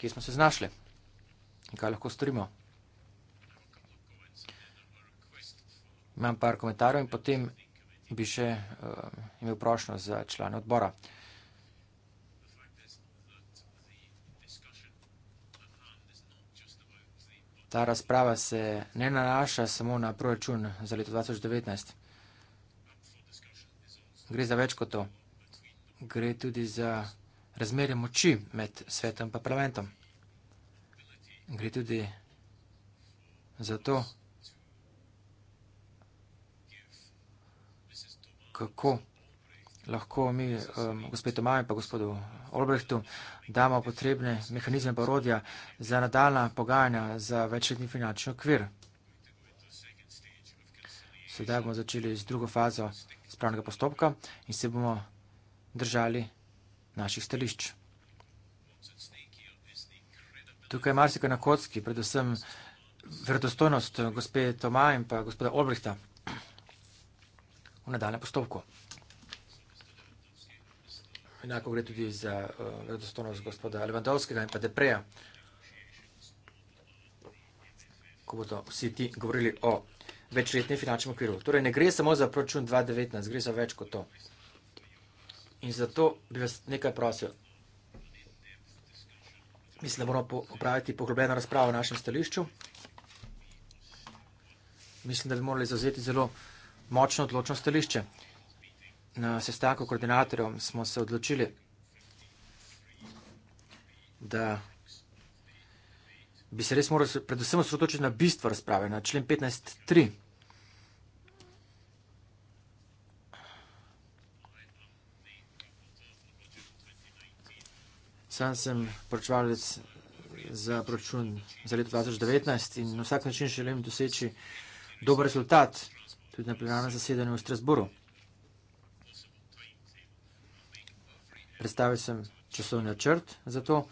kje smo se znašli in kaj lahko storimo. Imam par komentarjev in potem bi še eh, imel prošnost za člane odbora. ta razprava se ne nanaša samo na proračun za leto 2019. Gre za več kot to. Gre tudi za razmerje moči med svetom in parlamentom. Gre tudi za to, kako lahko mi, um, gospod Tomaj, pa gospodu Olbrehtu, damo potrebne mehanizme pa rodja za nadaljna pogajanja za večletni finančni okvir. Sedaj bomo začeli z drugo fazo spravnega postopka in se bomo držali naših stališč. Tukaj je marsika na kocki, predvsem verodostojnost gospe Toma in pa gospoda Olbrehta v nadaljem postopku enako gre tudi za eh, vredostojnost gospoda Levandovskega in pa Depreja, ko bodo vsi ti govorili o večletnem finančnem okviru. Torej, ne gre samo za proračun 2019, gre za več kot to. In zato bi vas nekaj prosil. Mislim, da moramo opraviti poglobljeno razpravo o našem stališču. Mislim, da bi morali zauzeti zelo močno odločno stališče na sestanku koordinatorjev smo se odločili, da bi se res morali predvsem osredotočiti na bistvo razprave, na člen 15.3. Sam sem poročevalec za proračun za leto 2019 in na vsak način želim doseči dober rezultat tudi na plenarnem zasedanju v Strasburu. predstavil sem časovni načrt za to,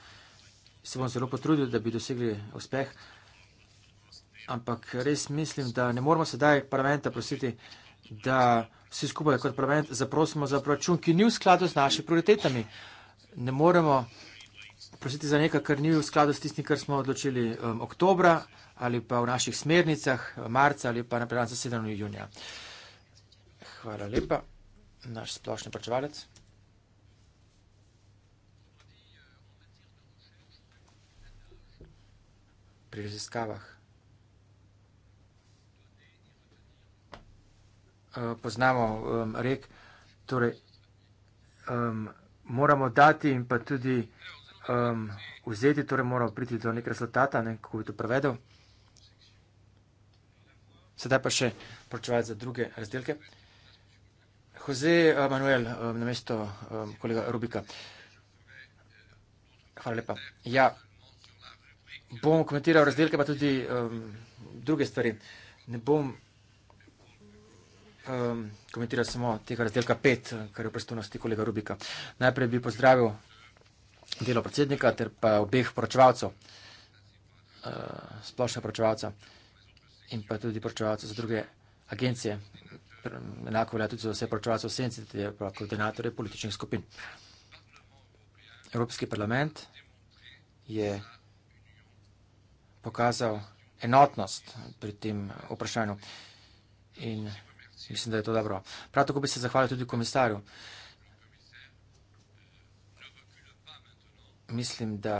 se bom zelo potrudil, da bi dosegli uspeh, ampak res mislim, da ne moramo sedaj parlamenta prositi, da vsi skupaj kot parlament zaprosimo za proračun, ki ni v skladu z našimi prioritetami. Ne moremo prositi za nekaj, kar ni v skladu s tistim, kar smo odločili um, oktobra ali pa v naših smernicah um, marca ali pa naprej na zasedanju junija. Hvala lepa, naš splošni pračevalec. pri raziskavah. Eh, poznamo um, rek, torej um, moramo dati in pa tudi um, vzeti, torej moramo priti do nek rezultata, ne, kako bi to prevedel. Sedaj pa še pročevati za druge razdelke. Jose eh, Manuel, um, namesto um, kolega Rubika. Hvala lepa. Ja, bom komentiral razdelke, pa tudi um, druge stvari. Ne bom um, komentiral samo tega razdelka 5, kar je v prestolnosti kolega Rubika. Najprej bi pozdravil delo predsednika ter pa obeh poročevalcev, uh, splošnega poročevalca in pa tudi poročevalcev za druge agencije. Enako velja tudi za vse poročevalce v senci, tudi pa koordinatorje političnih skupin. Evropski parlament je pokazal enotnost pri tem vprašanju. In mislim, da je to dobro. Prav tako bi se zahvalil tudi komisarju. Mislim, da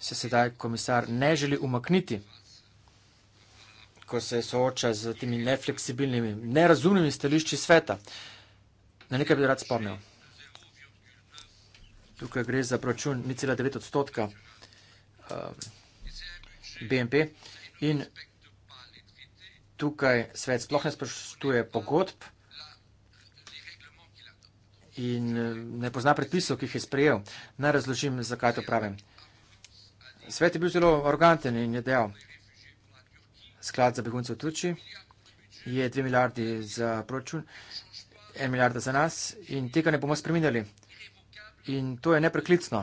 se sedaj komisar ne želi umakniti, ko se sooča z temi nefleksibilnimi, nerazumnimi stališči sveta. Na nekaj bi rad spomnil. Tukaj gre za proračun 0,9 odstotka. Um, BNP in tukaj svet sploh ne spoštuje pogodb in eh, ne pozna predpisov, ki jih je sprejel. Naj razložim, zakaj to pravim. Svet je bil zelo aroganten in je dejal sklad za begunce v Turčiji, je dve milijardi za proračun, en milijarda za nas in tega ne bomo spreminjali. In to je nepreklicno.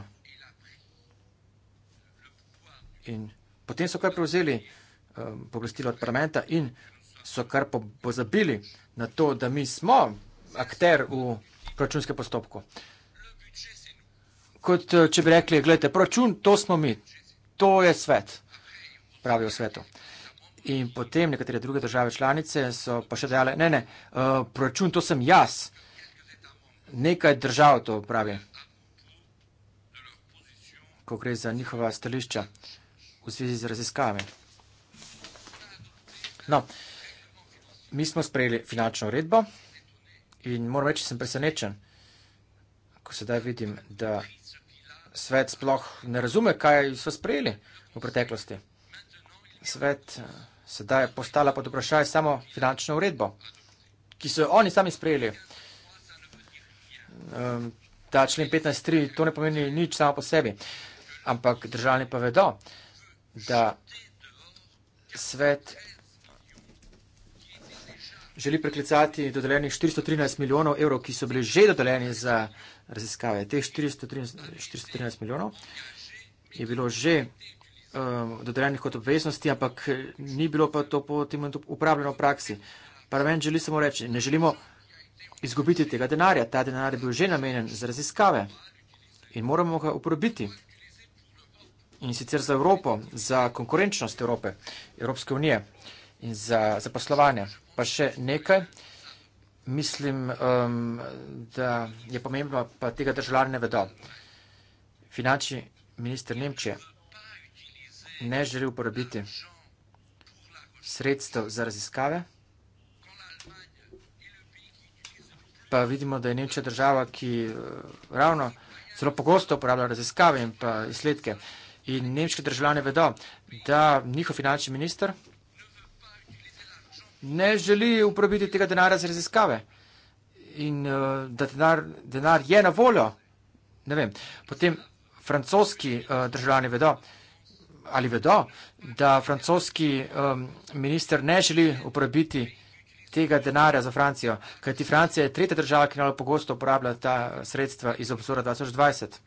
In Potem so kar prevzeli um, poblastilo od parlamenta in so kar pozabili na to, da mi smo akter v proračunskem postopku. Kot eh, če bi rekli, gledajte, proračun, to smo mi, to je svet, pravijo svetu. In potem nekatere druge države članice so pa še dejale, ne, ne, eh, proračun, to sem jaz, nekaj držav to pravi, ko gre za njihova stališča v zvezi z raziskave. No, mi smo sprejeli finančno uredbo in moram reči, sem presenečen, ko sedaj vidim, da svet sploh ne razume, kaj so sprejeli v preteklosti. Svet eh, sedaj je postala pod vprašaj samo finančno uredbo, ki so jo oni sami sprejeli. Ehm, ta člen 15.3 to ne pomeni nič samo po sebi, ampak državni pa vedo, da svet želi preklicati dodeljenih 413 milijonov evrov, ki so bili že dodeljeni za raziskave. Teh 413, 413 milijonov je bilo že uh, dodeljenih kot obveznosti, ampak ni bilo pa to po tem momentu uporabljeno v praksi. Parlament želi samo reči, ne želimo izgubiti tega denarja. Ta denar je bil že namenjen za raziskave in moramo ga uporabiti in sicer za Evropo, za konkurenčnost Evrope, Evropske unije in za zaposlovanje. Pa še nekaj, mislim, um, da je pomembno, pa tega državljani ne vedo. Finančni minister Nemčije ne želi uporabiti sredstev za raziskave, pa vidimo, da je Nemčija država, ki uh, ravno zelo pogosto uporablja raziskave in pa izsledke. Uh, In nemški državljani vedo, da njihov finančni minister ne želi uporabiti tega denarja za raziskave in eh, da denar, denar je na voljo. Ne vem. Potem francoski eh, državljani vedo, ali vedo, da francoski eh, minister ne želi uporabiti tega denarja za Francijo, kajti Francija je tretja država, ki najbolj pogosto uporablja ta sredstva iz obzora 2020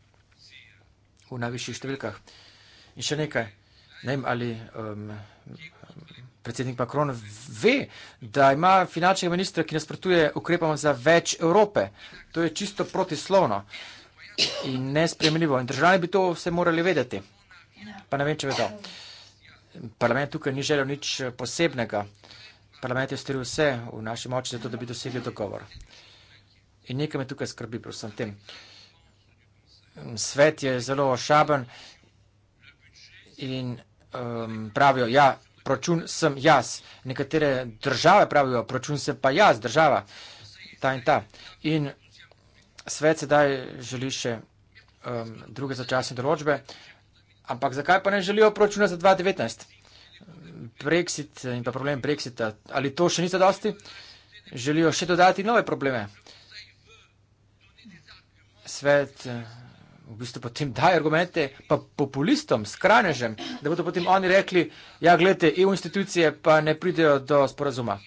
v najvišjih številkah. In še nekaj, ne vem, ali um, predsednik Macron ve, da ima finančnega ministra, ki nasprotuje ukrepom za več Evrope. To je čisto protislovno in nespremljivo. In državljani bi to vse morali vedeti. Pa ne vem, če vedo. Parlament tukaj ni želel nič eh, posebnega. Parlament je storil vse v naši moči, zato da bi dosegli dogovor. In nekaj me tukaj skrbi, prosim, tem. Svet je zelo ošaben in um, pravijo, ja, proračun sem jaz. Nekatere države pravijo, proračun sem pa jaz, država, ta in ta. In svet sedaj želi še um, druge začasne določbe, ampak zakaj pa ne želijo proračuna za 2019? Brexit in pa problem Brexita, ali to še niso dosti? Želijo še dodati nove probleme. Svet v bistvu potem daje argumente pa populistom, skranežem, da bodo potem oni rekli, ja, gledajte, EU institucije pa ne pridejo do sporazuma.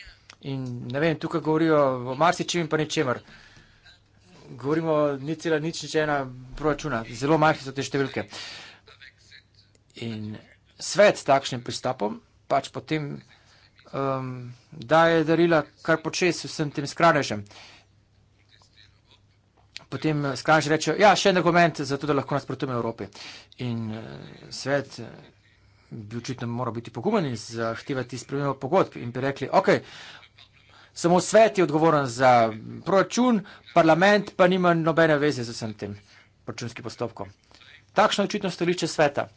In ne vem, tukaj govorijo o marsičem in pa ničemer. Govorimo ni cela nič, nič ena proračuna. Zelo majhne so te številke. In svet s takšnim pristopom pač potem um, daje darila kar počes vsem tem skranežem. Uh, potem eh, skrajši rečejo, ja, še en argument za to, da lahko nasprotujemo Evropi. In eh, svet eh, bi očitno moral biti pogumen in zahtevati spremembo pogodb in bi rekli, ok, samo svet je odgovoren za proračun, parlament pa nima nobene veze z vsem tem proračunskim postopkom. Takšno je očitno stoliče sveta.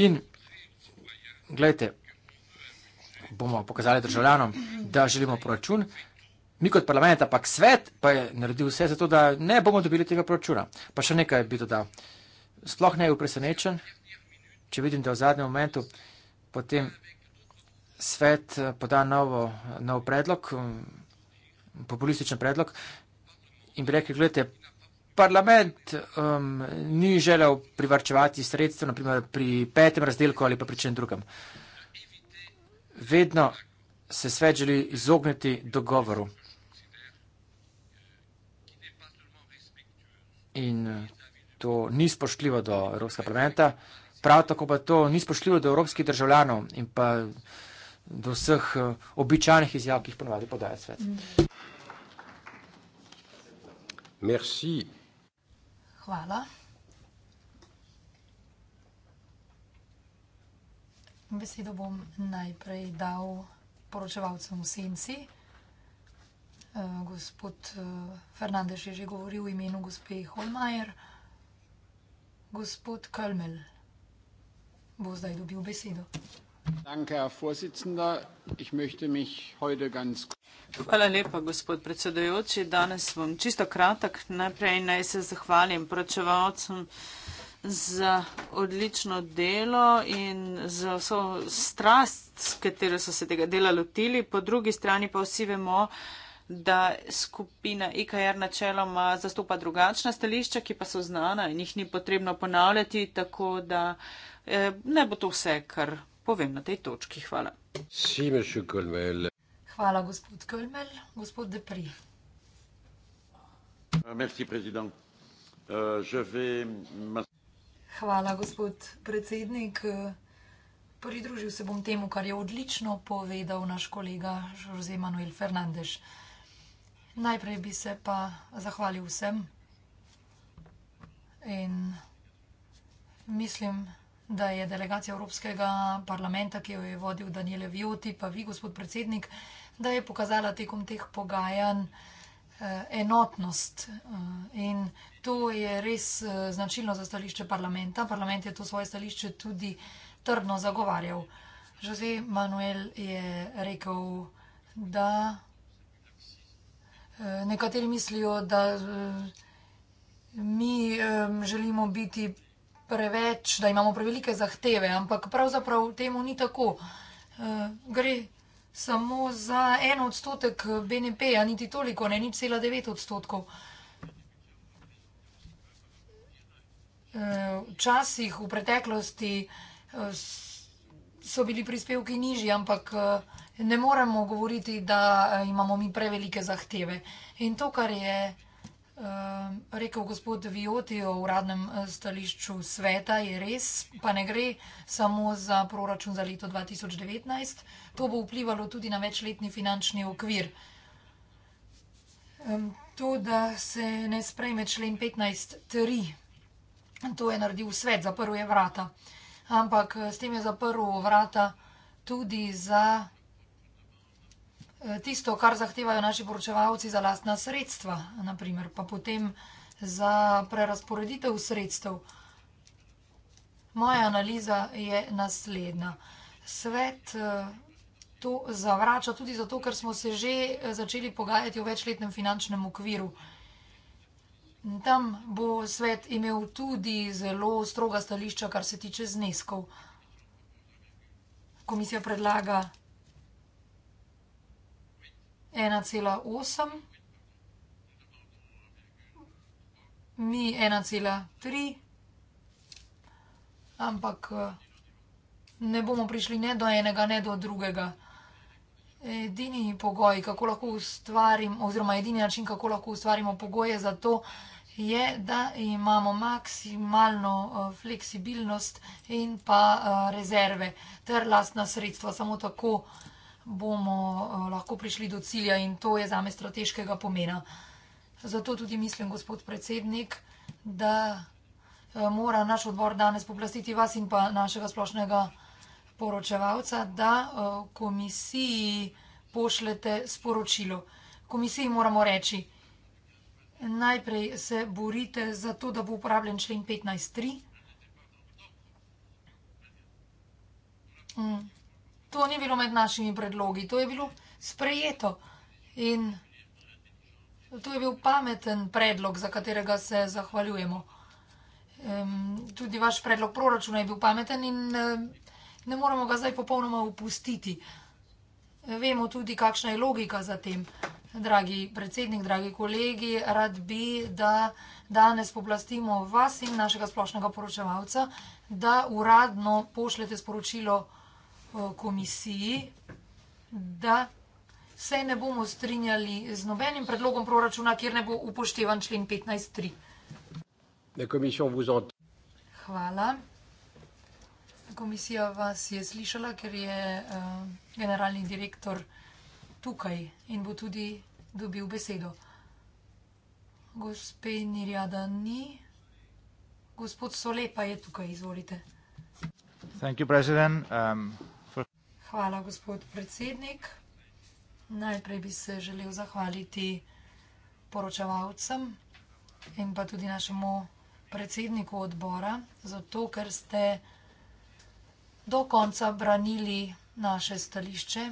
In gledajte, bomo pokazali državljanom, da želimo proračun, mi kot parlament, ampak svet pa je naredil vse za to, da ne bomo dobili tega proračuna. Pa še nekaj bi dodal. Sploh ne je upresenečen, če vidim, da v zadnjem momentu potem svet eh, poda novo, nov predlog, mm, populističen predlog in bi rekli, gledajte, parlament um, ni želel privarčevati sredstva, naprimer pri petem razdelku ali pa pri čem drugem. Vedno se svet želi izogniti dogovoru. in eh, to ni spoštljivo do Evropskega parlamenta, prav tako pa to ni spoštljivo do evropskih državljanov in pa do vseh eh, običajnih izjav, ki jih ponovadi podaja svet. Merci. Hvala. Besedo bom najprej dal poročevalcem v senci. Eh, gospod eh, Fernandez je že govoril v imenu gospe Holmajer. Gospod Kölmel bo zdaj dobil besedo. Hvala lepa, gospod predsedujoči. Danes bom čisto kratek. Najprej naj se zahvalim pročevalcem za odlično delo in za vso strast, s katero so se tega dela lotili. Po drugi strani pa vsi vemo, da skupina IKR e načeloma zastopa drugačna stališča, ki pa so znana in jih ni potrebno ponavljati, tako da eh, ne bo to vse, kar povem na tej točki. Hvala. Hvala, gospod Kölmel. Gospod Depri. Euh, Hvala, gospod predsednik. Pridružil se bom temu, kar je odlično povedal naš kolega Jose Manuel Fernandez. Najprej bi se pa zahvalil vsem in mislim, da je delegacija Evropskega parlamenta, ki jo je vodil Daniele Vioti, pa vi, gospod predsednik, da je pokazala tekom teh pogajanj eh, enotnost. Eh, in to je res eh, značilno za stališče parlamenta. Parlament je to svoje stališče tudi trdno zagovarjal. José Manuel je rekel, da Nekateri mislijo, da eh, mi želimo biti preveč, da imamo prevelike zahteve, ampak pravzaprav temu ni tako. Eh, gre samo za en odstotek BNP-ja, niti toliko, ne nič cela devet odstotkov. Eh, včasih v preteklosti so so bili prispevki nižji, ampak eh, ne moremo govoriti, da eh, imamo mi prevelike zahteve. In to, kar je eh, rekel gospod Vioti o uradnem stališču sveta, je res, pa ne gre samo za proračun za leto 2019. To bo vplivalo tudi na večletni finančni okvir. To, da se ne sprejme člen 15.3, to je naredil svet, zaprl je vrata ampak eh, s tem je zaprl vrata tudi za eh, tisto, kar zahtevajo naši poročevalci za lastna sredstva, naprimer, pa potem za prerasporeditev sredstev. Moja analiza je naslednja. Svet eh, to zavrača tudi zato, ker smo se že začeli pogajati o večletnem finančnem okviru. Tam bo svet imel tudi zelo stroga stališča, kar se tiče zneskov. Komisija predlaga 1,8, mi 1,3, ampak eh, ne bomo prišli ne do enega, ne do drugega. Edini pogoj, kako lahko ustvarim, oziroma edini način, kako lahko ustvarimo pogoje za to, je, da imamo maksimalno eh, fleksibilnost in pa eh, rezerve ter lastna sredstva. Samo tako bomo eh, lahko prišli do cilja in to je zame strateškega pomena. Zato tudi mislim, gospod predsednik, da mora naš odbor danes poplastiti vas in pa našega splošnega odbora poročevalca, da eh, komisiji pošljete sporočilo. Komisiji moramo reči, najprej se borite za to, da bo uporabljen člen 15.3. Mm. To ni bilo med našimi predlogi, to je bilo sprejeto in to je bil pameten predlog, za katerega se zahvaljujemo. Tudi vaš predlog proračuna je bil pameten in ne moremo ga zdaj popolnoma upustiti. Vemo tudi, kakšna je logika za tem. Dragi predsednik, dragi kolegi, rad bi, da danes poblastimo vas in našega splošnega poročevalca, da uradno pošljete sporočilo komisiji, da se ne bomo strinjali z nobenim predlogom proračuna, kjer ne bo upoštevan člen 15.3. Hvala komisija vas je slišala, ker je uh, generalni direktor tukaj in bo tudi dobil besedo. Gospe Nirjada ni. Gospod Solepa je tukaj, izvolite. You, um, for... Hvala, gospod predsednik. Najprej bi se želel zahvaliti poročevalcem in pa tudi našemu predsedniku odbora za to, ker ste do konca branili naše stališče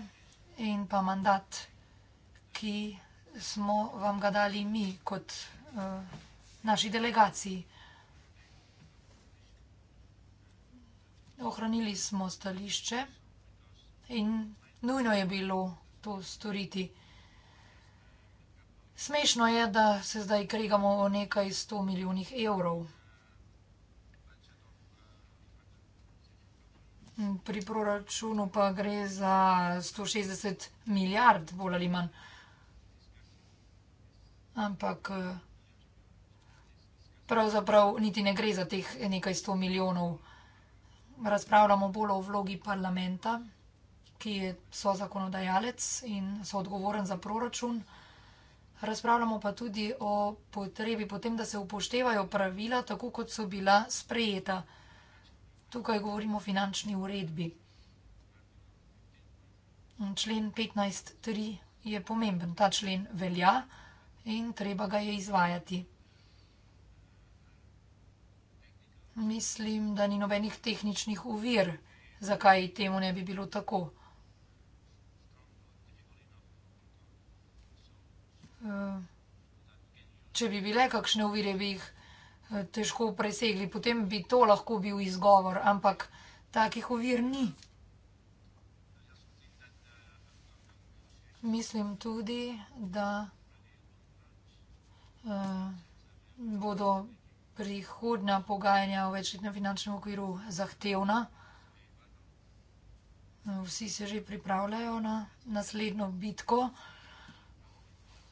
in pa mandat, ki smo vam ga dali mi kot eh, naši delegaciji. Ohranili smo stališče in nujno je bilo to storiti. Smešno je, da se zdaj kregamo o nekaj sto milijonih evrov. pri proračunu pa gre za 160 milijard, bolj ali manj. Ampak eh, pravzaprav niti ne gre za teh nekaj 100 milijonov. Razpravljamo bolj o vlogi parlamenta, ki je so zakonodajalec in so odgovoren za proračun. Razpravljamo pa tudi o potrebi potem, da se upoštevajo pravila, tako kot so bila sprejeta. Tukaj govorimo o finančni uredbi. Člen 15.3 je pomemben. Ta člen velja in treba ga je izvajati. Mislim, da ni nobenih tehničnih uvir, zakaj temu ne bi bilo tako. Eh, če bi bile kakšne uvire, bi jih izvajati. Eh, težko presegli. Potem bi to lahko bil izgovor, ampak takih ovir ni. Mislim tudi, da eh, bodo prihodna pogajanja v večletnem finančnem okviru zahtevna. Vsi se že pripravljajo na naslednjo bitko.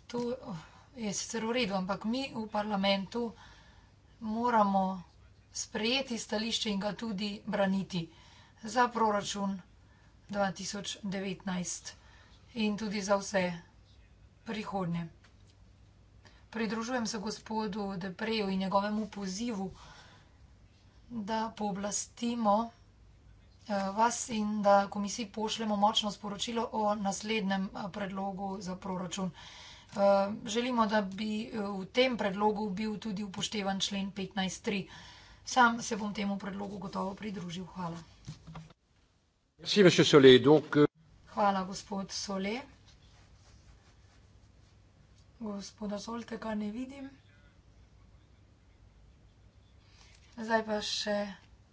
To eh, je sicer v redu, ampak mi v parlamentu vsega moramo sprejeti stališče in ga tudi braniti za proračun 2019 in tudi za vse prihodnje. Pridružujem se gospodu Depreju in njegovemu pozivu, da pooblastimo eh, vas in da komisiji pošljemo močno sporočilo o naslednjem eh, predlogu za proračun 2019. Eh, želimo, da bi eh, v tem predlogu bil tudi upoštevan člen 15.3. Sam se bom temu predlogu gotovo pridružil. Hvala. Euh, Hvala, gospod Sole. Gospoda Solteka ne vidim. Zdaj pa še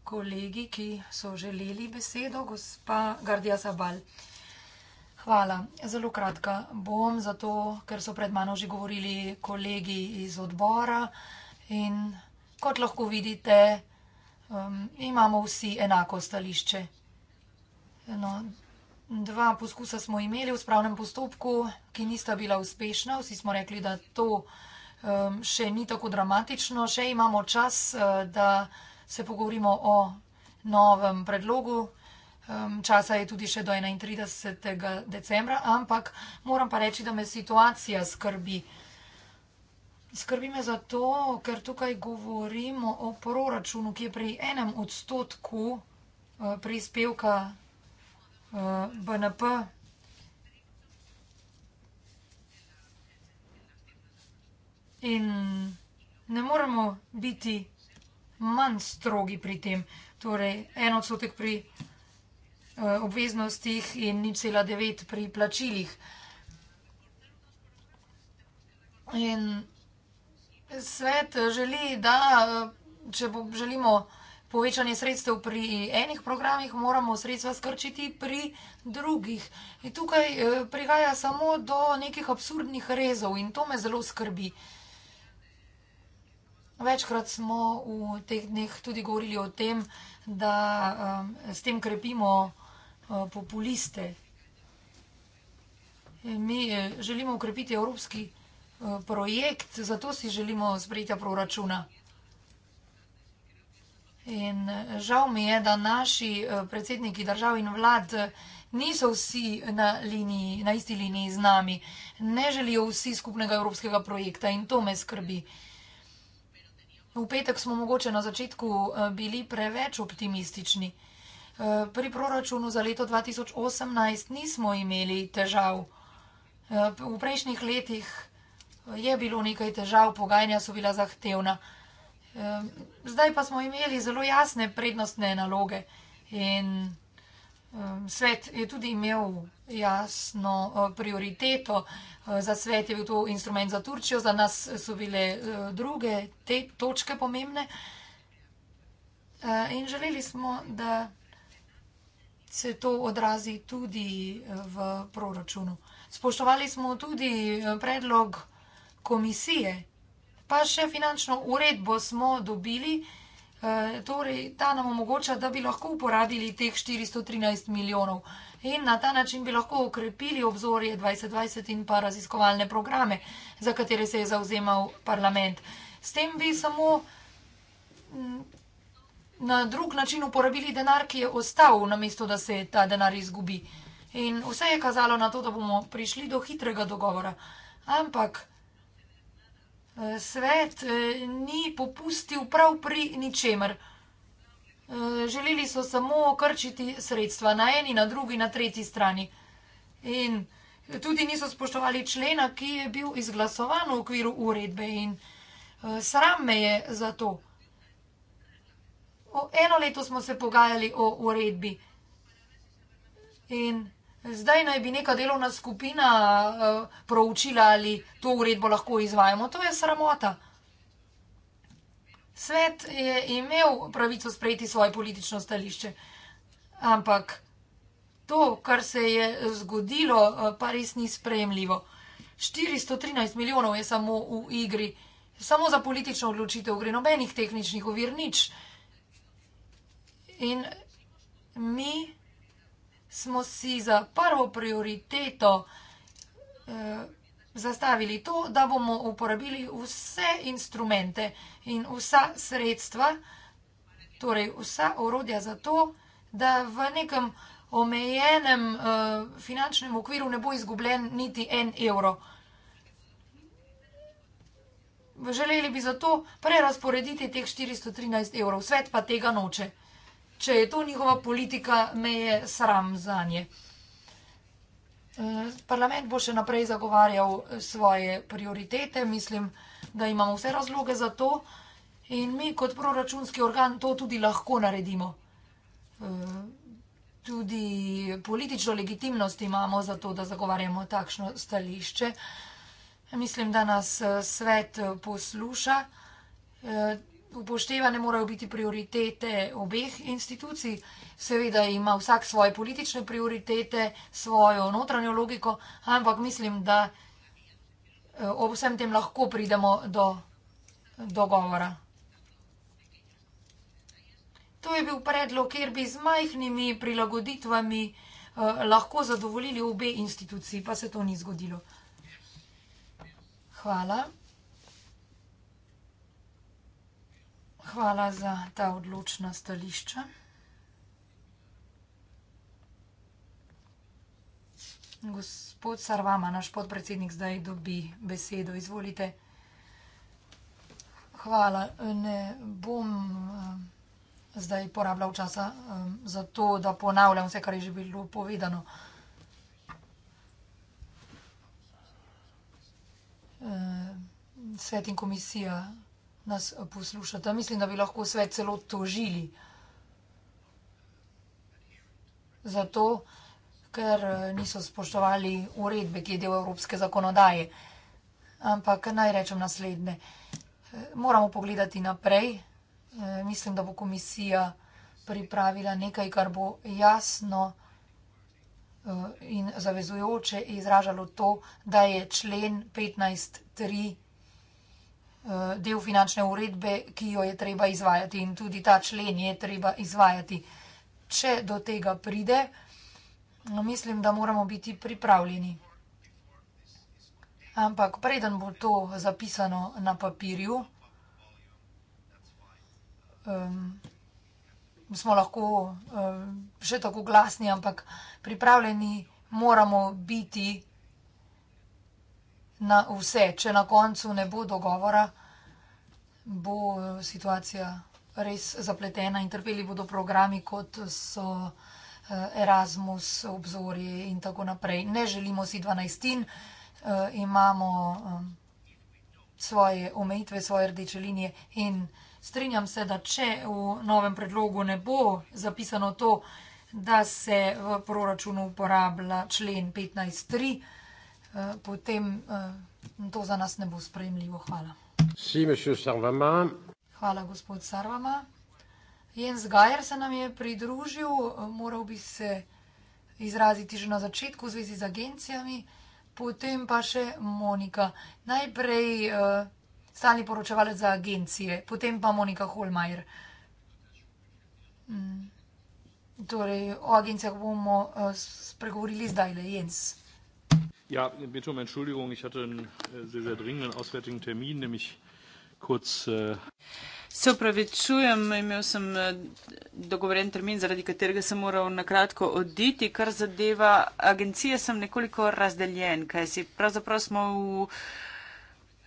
kolegi, ki so želeli besedo, gospa Gardija Zabal. Gospod Gardija Zabal. Hvala. Zelo kratka bom, zato ker so pred mano že govorili kolegi iz odbora in kot lahko vidite, um, imamo vsi enako stališče. No, dva poskusa smo imeli v spravnem postopku, ki nista bila uspešna. Vsi smo rekli, da to um, še ni tako dramatično. Še imamo čas, uh, da se pogovorimo o novem predlogu časa je tudi še do 31. decembra, ampak moram pa reči, da me situacija skrbi. Skrbi me zato, ker tukaj govorimo o proračunu, ki je pri enem odstotku eh, prispevka eh, BNP. In ne moramo biti manj strogi pri tem. Torej, en odstotek pri proračunu, Eh, obveznostih in nič cela devet pri plačilih. In svet želi, da eh, če želimo povečanje sredstev pri enih programih, moramo sredstva skrčiti pri drugih. In tukaj eh, prihaja samo do nekih absurdnih rezov in to me zelo skrbi. Večkrat smo v teh dneh tudi govorili o tem, da s tem krepimo vsega, Eh, populiste. Eh, mi eh, želimo ukrepiti evropski projekt, zato si želimo sprejeti proračuna. In žal mi je, da naši predsedniki držav in vlad niso vsi na, liniji, na isti liniji z nami. Ne želijo vsi skupnega evropskega projekta in to me skrbi. V petek smo mogoče na začetku bili preveč optimistični. Eh, pri proračunu za leto 2018 nismo imeli težav. Eh, v prejšnjih letih je bilo nekaj težav, pogajanja so bila zahtevna. Eh, zdaj pa smo imeli zelo jasne prednostne naloge in svet je tudi imel jasno prioriteto. Za svet je bil to instrument za Turčjo, za nas so bile druge te točke pomembne. In želeli smo, da se to odrazi tudi eh, v proračunu. Spoštovali smo tudi eh, predlog komisije, pa še finančno uredbo smo dobili, eh, torej ta nam omogoča, da bi lahko uporabili teh 413 milijonov in na ta način bi lahko okrepili obzorje 2020 in pa raziskovalne programe, za katere se je zauzemal parlament. S tem bi samo mm, na drug način uporabili denar, ki je ostal, namesto da se ta denar izgubi. In vse je kazalo na to, da bomo prišli do hitrega dogovora. Ampak eh, svet eh, ni popustil prav pri ničemer. Eh, želeli so samo okrčiti sredstva na eni, na drugi, na tretji strani. In tudi niso spoštovali člena, ki je bil izglasovan v okviru uredbe. In sram me je za to. Eno leto smo se pogajali o uredbi. In zdaj naj bi neka delovna skupina e, proučila, ali to uredbo lahko izvajamo. To je sramota. Svet je imel pravico sprejeti svoje politično stališče, ampak to, kar se je zgodilo, e, pa res ni sprejemljivo. 413 milijonov je samo v igri, samo za politično odločitev gre nobenih tehničnih ovir, nič. In mi smo si za prvo prioriteto eh, zastavili to, da bomo uporabili vse instrumente in vsa sredstva, torej vsa orodja za to, da v nekem omejenem eh, finančnem okviru ne bo izgubljen niti en evro. Želeli bi zato prerasporediti teh 413 evrov, svet pa tega noče če je to njihova politika, me je sram za nje. E, parlament bo še naprej zagovarjal svoje prioritete, mislim, da imamo vse razloge za to in mi kot proračunski organ to tudi lahko naredimo. E, tudi politično legitimnost imamo za to, da zagovarjamo takšno stališče. Mislim, da nas e, svet posluša upoštevane morajo biti prioritete obeh institucij. Seveda ima vsak svoje politične prioritete, svojo notranjo logiko, ampak mislim, da eh, ob vsem tem lahko pridemo do dogovora. To je bil predlog, kjer bi z majhnimi prilagoditvami eh, lahko zadovoljili obe instituciji, pa se to ni zgodilo. Hvala. Hvala za ta odločna stališča. Gospod Sarvama, naš podpredsednik, zdaj dobi besedo. Izvolite. Hvala. Ne bom eh, zdaj porabljal časa eh, za to, da ponavljam vse, kar je že bilo povedano. Eh, svet in komisija nas poslušata. Mislim, da bi lahko svet celo tožili. Zato, ker eh, niso spoštovali uredbe, ki je del evropske zakonodaje. Ampak naj rečem naslednje. Eh, moramo pogledati naprej. Eh, mislim, da bo komisija pripravila nekaj, kar bo jasno in zavezujoče izražalo to, da je člen 15.3 Eh, del finančne uredbe, ki jo je treba izvajati in tudi ta člen je treba izvajati. Če do tega pride, mislim, da moramo biti pripravljeni. Ampak preden bo to zapisano na papirju, smo lahko eh, še tako glasni, ampak pripravljeni moramo biti, na vse. Če na koncu ne bo dogovora, bo eh, situacija res zapletena in trpeli bodo programi, kot so eh, Erasmus, obzorje in tako naprej. Ne želimo si 12. In, eh, imamo svoje omejitve, svoje rdeče linije in strinjam se, da če v novem predlogu ne bo zapisano to, da se v proračunu uporablja člen 15.3, Eh, potem eh, to za nas ne bo sprejemljivo. Hvala. Hvala, gospod Sarvama. Jens Gajer se nam je pridružil, eh, moral bi se izraziti že na začetku v zvezi z agencijami, potem pa še Monika. Najprej uh, stalni poročevalec za agencije, potem pa Monika Holmajer. Mm. Torej, o agencijah bomo uh, spregovorili zdaj, Jens. Ja, bitte um Entschuldigung, ich hatte einen äh, sehr, sehr dringenden auswärtigen Termin, nämlich kurz. Äh, Se upravičujem, imel sem äh, dogovoren termin, zaradi katerega sem moral na kratko oditi. Kar zadeva agencije, sem nekoliko razdeljen, kaj si. Pravzaprav smo v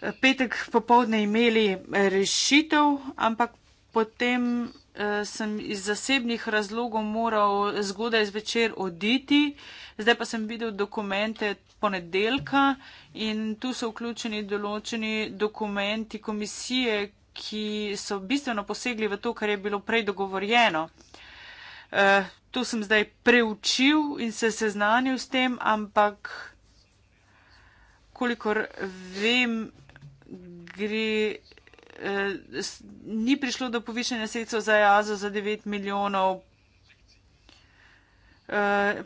eh, petek popovdne imeli eh, rešitev, ampak potem Eh, sem iz zasebnih razlogov moral zgodaj zvečer oditi, zdaj pa sem videl dokumente ponedeljka in tu so vključeni določeni dokumenti komisije, ki so bistveno posegli v to, kar je bilo prej dogovorjeno. Eh, to sem zdaj preučil in se seznanil s tem, ampak kolikor vem, gre eh, ni prišlo do povišanja sredstva za JAZO za 9 milijonov. Eh,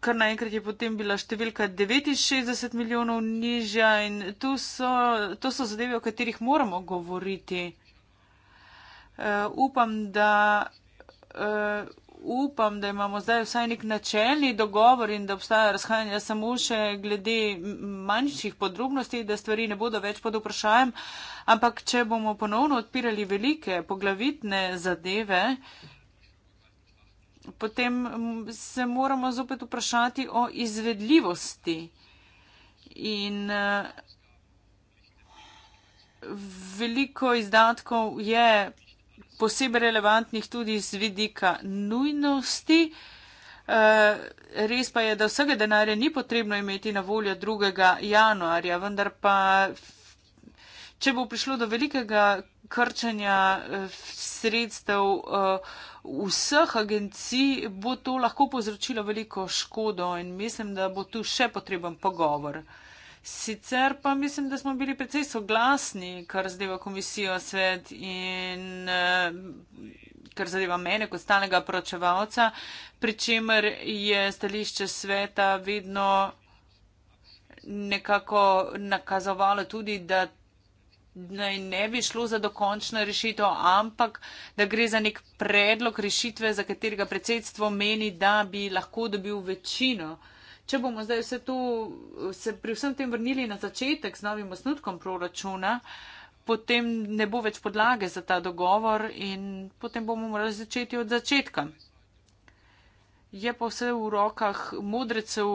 kar naenkrat je potem bila številka 69 milijonov nižja in to so, to so zadeve, o katerih moramo govoriti. Uh, upam, da eh, upam, da imamo zdaj vsaj nek načelni dogovor in da obstaja razhajanja samo še glede manjših podrobnosti, da stvari ne bodo več pod vprašajem. Ampak, če bomo ponovno odpirali velike poglavitne zadeve, potem se moramo zopet vprašati o izvedljivosti. In eh, veliko izdatkov je posebej relevantnih tudi z vidika nujnosti. Eh, res pa je, da vsega denarja ni potrebno imeti na voljo 2. januarja, vendar pa, če bo prišlo do velikega krčanja eh, sredstev eh, vseh agencij, bo to lahko povzročilo veliko škodo in mislim, da bo tu še potreben pogovor. Sicer pa mislim, da smo bili precej soglasni, kar zadeva komisijo svet in eh, kar zadeva mene kot stalnega poročevalca, pri čemer je stališče sveta vedno nekako nakazovalo tudi, da naj ne bi šlo za dokončno rešitev, ampak da gre za nek predlog rešitve, za katerega predsedstvo meni, da bi lahko dobil večino. Uh, Če bomo zdaj vse to, se pri vsem tem vrnili na začetek z novim osnutkom proračuna, potem ne bo več podlage za ta dogovor in potem bomo morali začeti od začetka. Je pa vse v rokah modrecev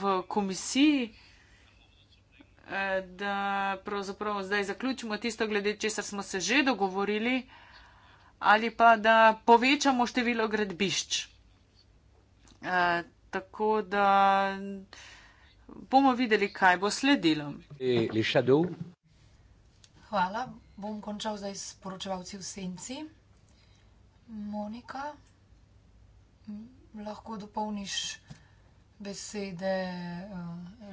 v komisiji, eh, da pravzaprav zdaj zaključimo tisto, glede česar smo se že dogovorili, ali pa da povečamo število gradbišč. Eh, tako da bomo videli, kaj bo sledilo. Hvala, bom končal zdaj s poročevalci v senci. Monika, lahko dopolniš besede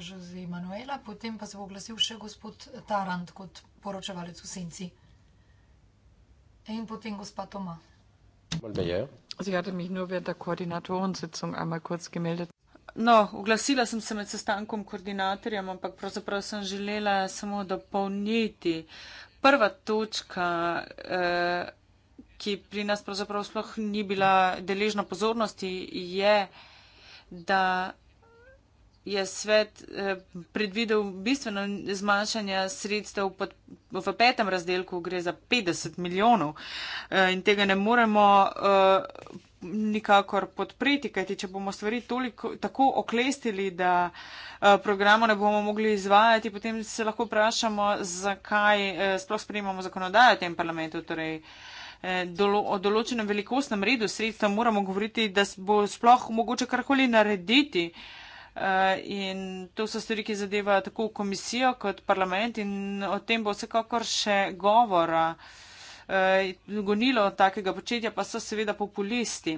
Žoze eh, Manuela, potem pa se bo oglasil še gospod Tarant kot poročevalec v senci. In potem gospod Toma. Sie hatte mich nur während der Koordinatorensitzung einmal kurz gemeldet. No, oglasila sem se med sestankom koordinatorjem, ampak pravzaprav sem želela samo dopolniti. Prva točka, eh, ki pri nas pravzaprav sploh ni bila deležna pozornosti, je, da je svet eh, predvidel bistveno zmanjšanje sredstev pod, v petem razdelku, gre za 50 milijonov eh, in tega ne moremo eh, nikakor podpreti, kajti če bomo stvari toliko, tako oklestili, da programa ne bomo mogli izvajati, potem se lahko vprašamo, zakaj sploh sprejemamo zakonodajo v tem parlamentu. Torej, O določenem velikostnem redu sredstva moramo govoriti, da bo sploh mogoče karkoli narediti. Uh, Eh, in to so stvari, ki zadevajo tako komisijo kot parlament in o tem bo vsekakor še govora. Eh, gonilo takega početja pa so seveda populisti.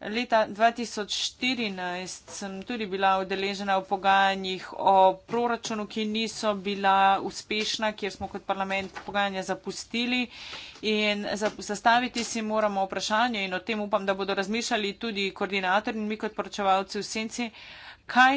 Leta 2014 sem tudi bila udeležena v pogajanjih o proračunu, ki niso bila uspešna, kjer smo kot parlament pogajanja zapustili. In zastaviti si moramo vprašanje in o tem upam, da bodo razmišljali tudi koordinator in mi kot poročevalci v senci. Uh, kaj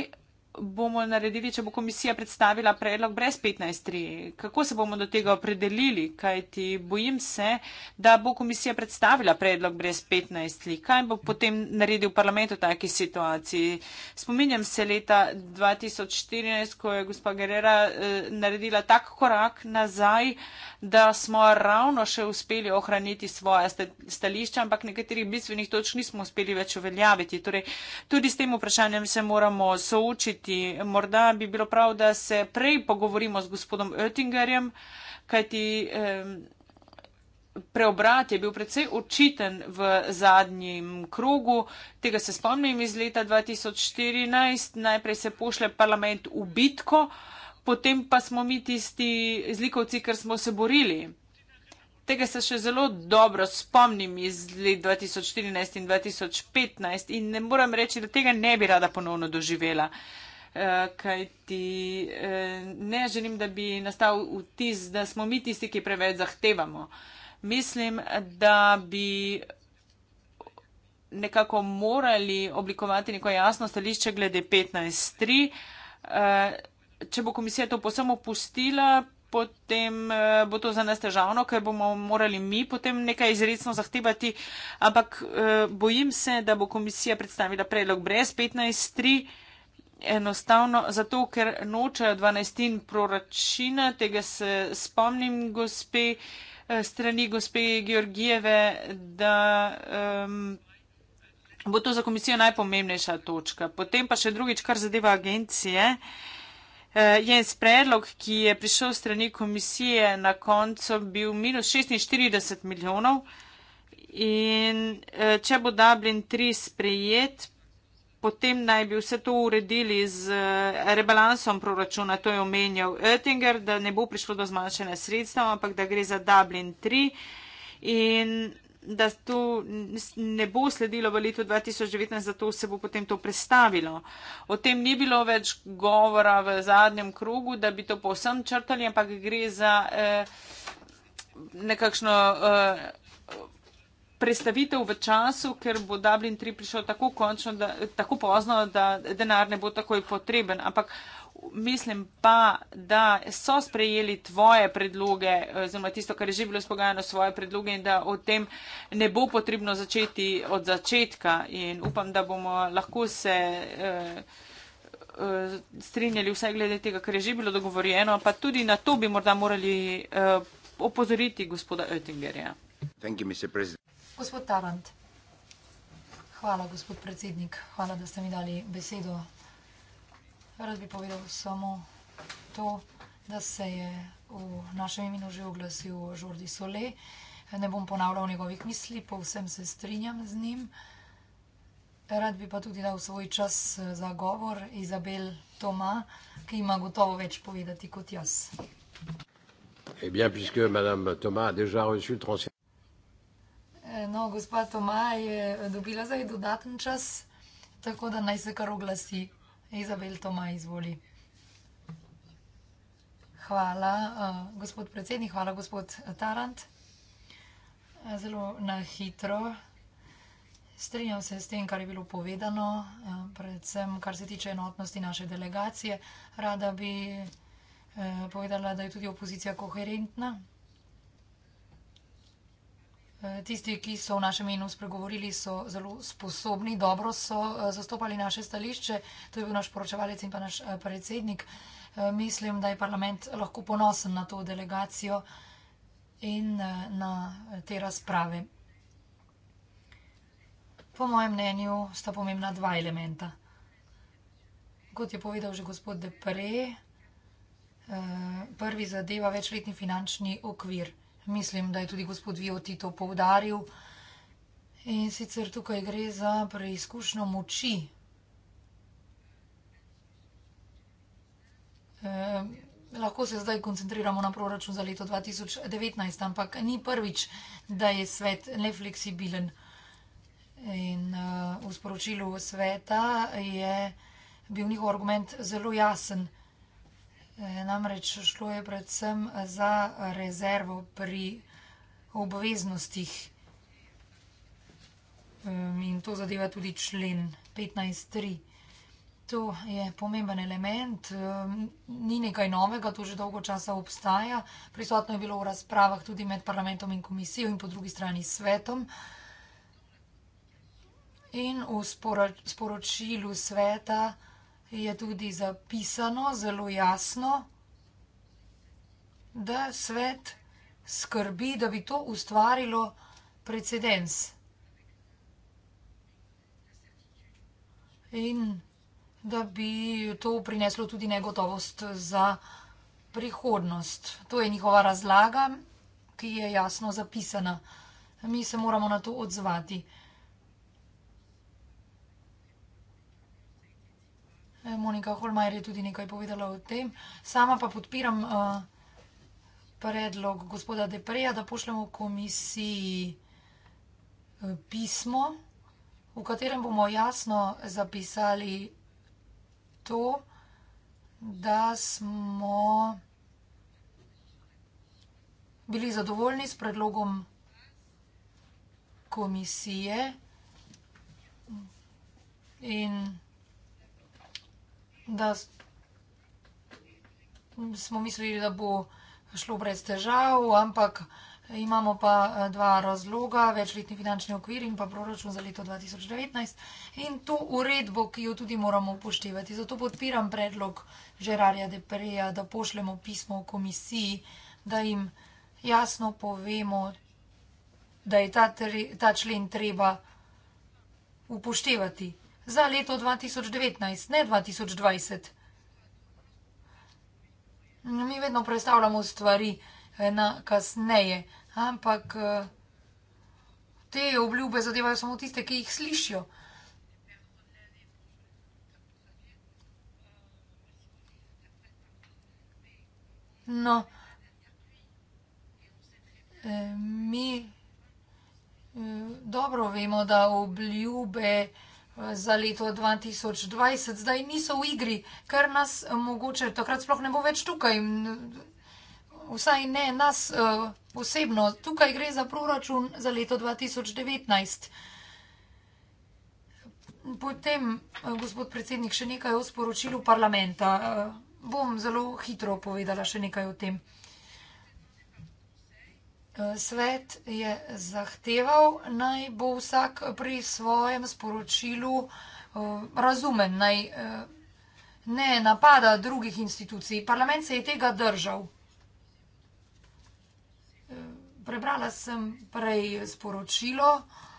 bomo naredili, če bo komisija predstavila predlog brez 15.3? Kako se bomo do tega opredelili? Kaj ti bojim se, da bo komisija predstavila predlog brez 15.3? Kaj bo potem naredil parlament v taki situaciji? Spominjam se leta 2014, ko je gospa Gerera eh, naredila tak korak nazaj, da smo ravno še uspeli ohraniti svoje stališče, ampak nekaterih bistvenih točk nismo uspeli več uveljaviti. Torej, tudi s tem vprašanjem se moramo soočiti videti. Morda bi bilo prav, da se prej pogovorimo z gospodom Oettingerjem, kajti preobrat je bil predvsej očiten v zadnjem krogu. Tega se spomnim iz leta 2014. Najprej se pošle parlament v bitko, potem pa smo mi tisti zlikovci, ker smo se borili. Tega se še zelo dobro spomnim iz let 2014 in 2015 in ne moram reči, da tega ne bi rada ponovno doživela. Uh, kajti eh, ne želim, da bi nastal vtis, da smo mi tisti, ki preveč zahtevamo. Mislim, da bi nekako morali oblikovati neko jasno stališče glede 15.3. Eh, če bo komisija to posem opustila, potem eh, bo to za nas težavno, ker bomo morali mi potem nekaj izredno zahtevati, ampak bojim se, da bo komisija predstavila predlog brez 15.3 enostavno zato, ker nočejo dvanajstin proračina, tega se spomnim gospe, eh, strani gospe Georgijeve, da um, bo to za komisijo najpomembnejša točka. Potem pa še drugič, kar zadeva agencije, eh, je en predlog, ki je prišel strani komisije na koncu, bil minus 46 milijonov. In eh, če bo Dublin 3 sprejet, Potem naj bi vse to uredili z eh, rebalansom proračuna, to je omenjal Oettinger, da ne bo prišlo do zmanjšanja sredstva, ampak da gre za Dublin 3 in da to ne bo sledilo v letu 2019, zato se bo potem to prestavilo. O tem ni bilo več govora v zadnjem krogu, da bi to povsem črtali, ampak gre za eh, nekakšno. Eh, prestavitev v času, ker bo Dublin 3 prišel tako, končno, da, tako pozno, da denar ne bo takoj potreben. Ampak mislim pa, da so sprejeli tvoje predloge, oziroma tisto, kar je že bilo spogajano, svoje predloge in da o tem ne bo potrebno začeti od začetka. In upam, da bomo lahko se. Eh, eh strinjali vse glede tega, kar je že bilo dogovorjeno, pa tudi na to bi morda morali uh, opozoriti gospoda Oettingerja. Hvala, gospod predsednik. Gospod Tarant, hvala, gospod predsednik, hvala, da ste mi dali besedo. Rad bi povedal samo to, da se je v našem imenu že oglasil Žordi Sole. Ne bom ponavljal njegovih misli, povsem se strinjam z njim. Rad bi pa tudi dal svoj čas za govor Izabel Toma, ki ima gotovo več povedati kot jaz. Eh bien, puisque Madame Thomas a déjà reçu le transfert. No, gospa Toma je dobila zdaj dodaten čas, tako da naj se kar oglasi. Izabel Toma, izvoli. Hvala, eh, gospod predsednik, hvala, gospod Tarant. Eh, zelo nahitro. Strinjam se s tem, kar je bilo povedano, eh, predvsem kar se tiče enotnosti naše delegacije. Rada bi povedala, da je tudi opozicija koherentna. Eh, tisti, ki so v našem imenu spregovorili, so zelo sposobni, dobro so eh, zastopali naše stališče. To je bil naš poročevalec in pa naš eh, predsednik. Mislim, da je parlament lahko ponosen na to delegacijo in na te razprave. Po mojem mnenju sta pomembna dva elementa. Kot je povedal že gospod Depre, prvi zadeva večletni finančni okvir mislim, da je tudi gospod Vijoti to povdaril. In sicer tukaj gre za preizkušnjo moči. Eh, lahko se zdaj koncentriramo na proračun za leto 2019, ampak ni prvič, da je svet nefleksibilen. In eh, v sporočilu sveta je bil njihov argument zelo jasen. E, namreč šlo je predvsem za rezervo pri obveznostih. In to zadeva tudi člen 15.3. To je pomemben element, ni nekaj novega, to že dolgo časa obstaja. Prisotno je bilo v razpravah tudi med parlamentom in komisijo in po drugi strani svetom. In v sporočilu sveta je tudi zapisano zelo jasno, da svet skrbi, da bi to ustvarilo precedens. In da bi to prineslo tudi negotovost za prihodnost. To je njihova razlaga, ki je jasno zapisana. Mi se moramo na to odzvati. Eh, Monika Holmajer je tudi nekaj povedala o tem. Sama pa podpiram eh, predlog gospoda Depreja, da pošljemo komisiji eh, pismo, v katerem bomo jasno zapisali to, da smo bili zadovoljni s predlogom komisije in predlogom, da smo mislili, da bo šlo brez težav, ampak imamo pa eh, dva razloga, večletni finančni okvir in pa proračun za leto 2019 in to uredbo, ki jo tudi moramo upoštevati. Zato podpiram predlog Žerarja Depreja, da pošljemo pismo v komisiji, da jim jasno povemo, da je ta člen treba upoštevati za leto 2019, ne 2020. Mi vedno prestavljamo stvari, eh, na kasneje, ampak, eh, te obljube zadevajo samo tiste, ki jih slišijo. No, eh, mi, dobro vemo, da obljube za leto 2020, zdaj niso v igri, ker nas eh, mogoče takrat sploh ne bo več tukaj. Vsaj ne nas uh, osebno. Tukaj gre za proračun za leto 2019. Potem, uh, gospod predsednik, še nekaj o sporočilu parlamenta. Uh, bom zelo hitro povedala še nekaj o tem. Svet je zahteval, naj bo vsak pri svojem sporočilu eh, razumen, naj eh, ne napada drugih institucij. Parlament se je tega držal. Eh, prebrala sem prej sporočilo, da je vsak pri svojem sporočilu razumen, naj ne napada drugih institucij.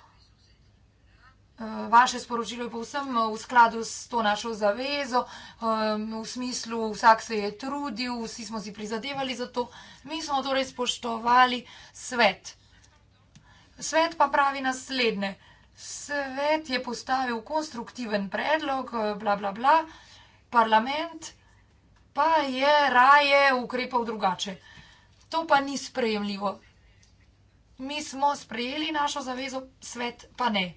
Vaše sporočilo je povsem eh, v skladu s to našo zavezo, eh, v smislu, vsak se je trudil, vsi smo si prizadevali za to. Mi smo torej spoštovali svet. Svet pa pravi naslednje. Svet je postavil konstruktiven predlog, eh, bla, bla, bla. Parlament pa je raje ukrepal drugače. To pa ni sprejemljivo. Mi smo sprejeli našo zavezo, svet pa ne.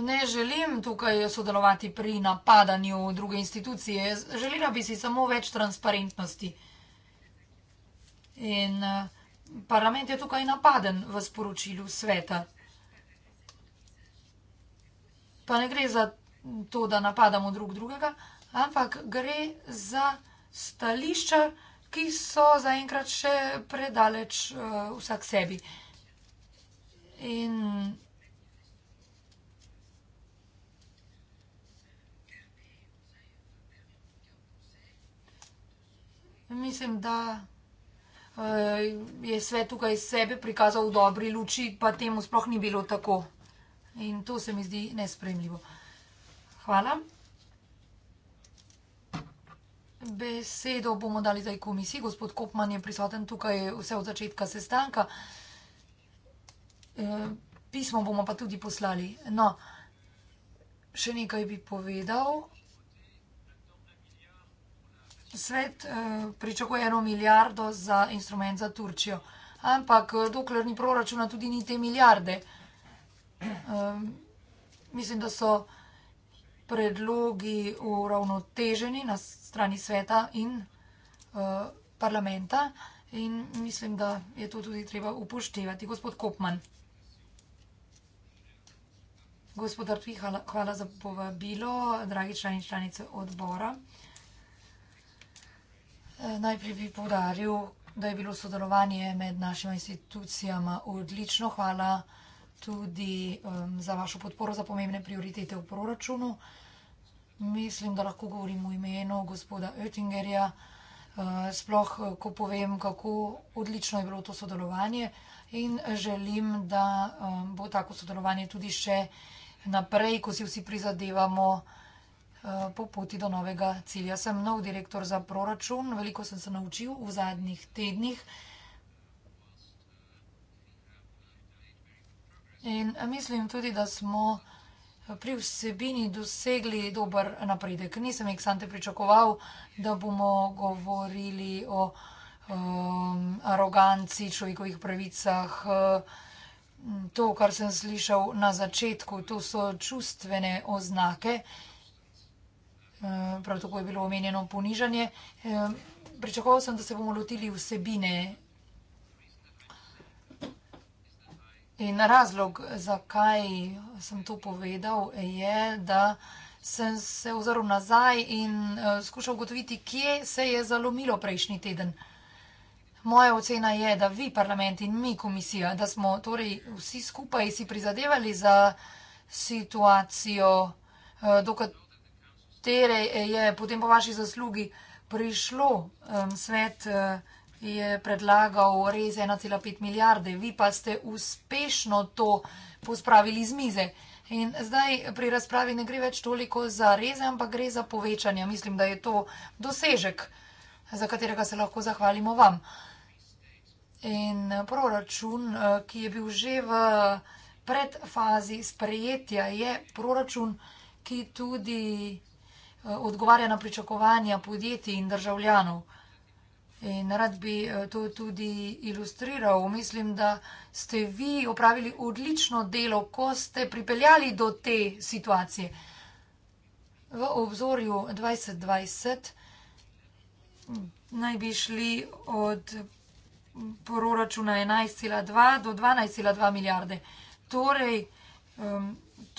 Ne želim tukaj sodelovati pri napadanju druge institucije. Želela bi si samo več transparentnosti. In eh, parlament je tukaj napaden v sporočilu sveta. Pa ne gre za to, da napadamo drug drugega, ampak gre za stališča, ki so zaenkrat še predaleč eh, vsak sebi. In... Mislim, da eh, je svet tukaj sebe prikazal v dobri luči, pa temu sploh ni bilo tako. In to se mi zdi nespremljivo. Hvala. Besedo bomo dali zdaj komisiji. Gospod Kopman je prisoten tukaj vse od začetka sestanka. Eh, pismo bomo pa tudi poslali. No, še nekaj bi povedal svet uh, pričakuje eno milijardo za instrument za Turčijo. Ampak eh, dokler ni proračuna, tudi ni te milijarde. Um, mislim, da so predlogi uravnoteženi na strani sveta in uh, parlamenta in mislim, da je to tudi treba upoštevati. Gospod Kopman. Gospod Artvi, hvala, hvala za povabilo, dragi člani članice odbora. Uh, Eh, najprej bi poudaril, da je bilo sodelovanje med našima institucijama odlično. Hvala tudi um, za vašo podporo za pomembne prioritete v proračunu. Mislim, da lahko govorim v imenu gospoda Oettingerja, uh, sploh eh, ko povem, kako odlično je bilo to sodelovanje in želim, da um, bo tako sodelovanje tudi še naprej, ko si vsi prizadevamo. Eh, po poti do novega cilja. Sem nov direktor za proračun, veliko sem se naučil v zadnjih tednih. In eh, mislim tudi, da smo eh, pri vsebini dosegli dober napredek. Nisem eksante pričakoval, da bomo govorili o um, aroganci, človekovih pravicah. To, kar sem slišal na začetku, to so čustvene oznake, uh, Eh, prav tako je bilo omenjeno ponižanje. Eh, pričakoval sem, da se bomo lotili vsebine. In razlog, zakaj sem to povedal, je, da sem se ozrl nazaj in eh, skušal ugotoviti, kje se je zalomilo prejšnji teden. Moja ocena je, da vi, parlament in mi, komisija, da smo torej vsi skupaj si prizadevali za situacijo, dokaj katere je potem po vaši zaslugi prišlo, svet eh, je predlagal res 1,5 milijarde, vi pa ste uspešno to pospravili z mize. In zdaj pri razpravi ne gre več toliko za reze, ampak gre za povečanje. Mislim, da je to dosežek, za katerega se lahko zahvalimo vam. In eh, proračun, eh, ki je bil že v predfazi sprejetja, je proračun, ki tudi Eh, odgovarja na pričakovanja podjetij in državljanov. In rad bi eh, to tudi ilustriral. Mislim, da ste vi opravili odlično delo, ko ste pripeljali do te situacije. V obzorju 2020 naj bi šli od proračuna 11,2 do 12,2 milijarde. Torej,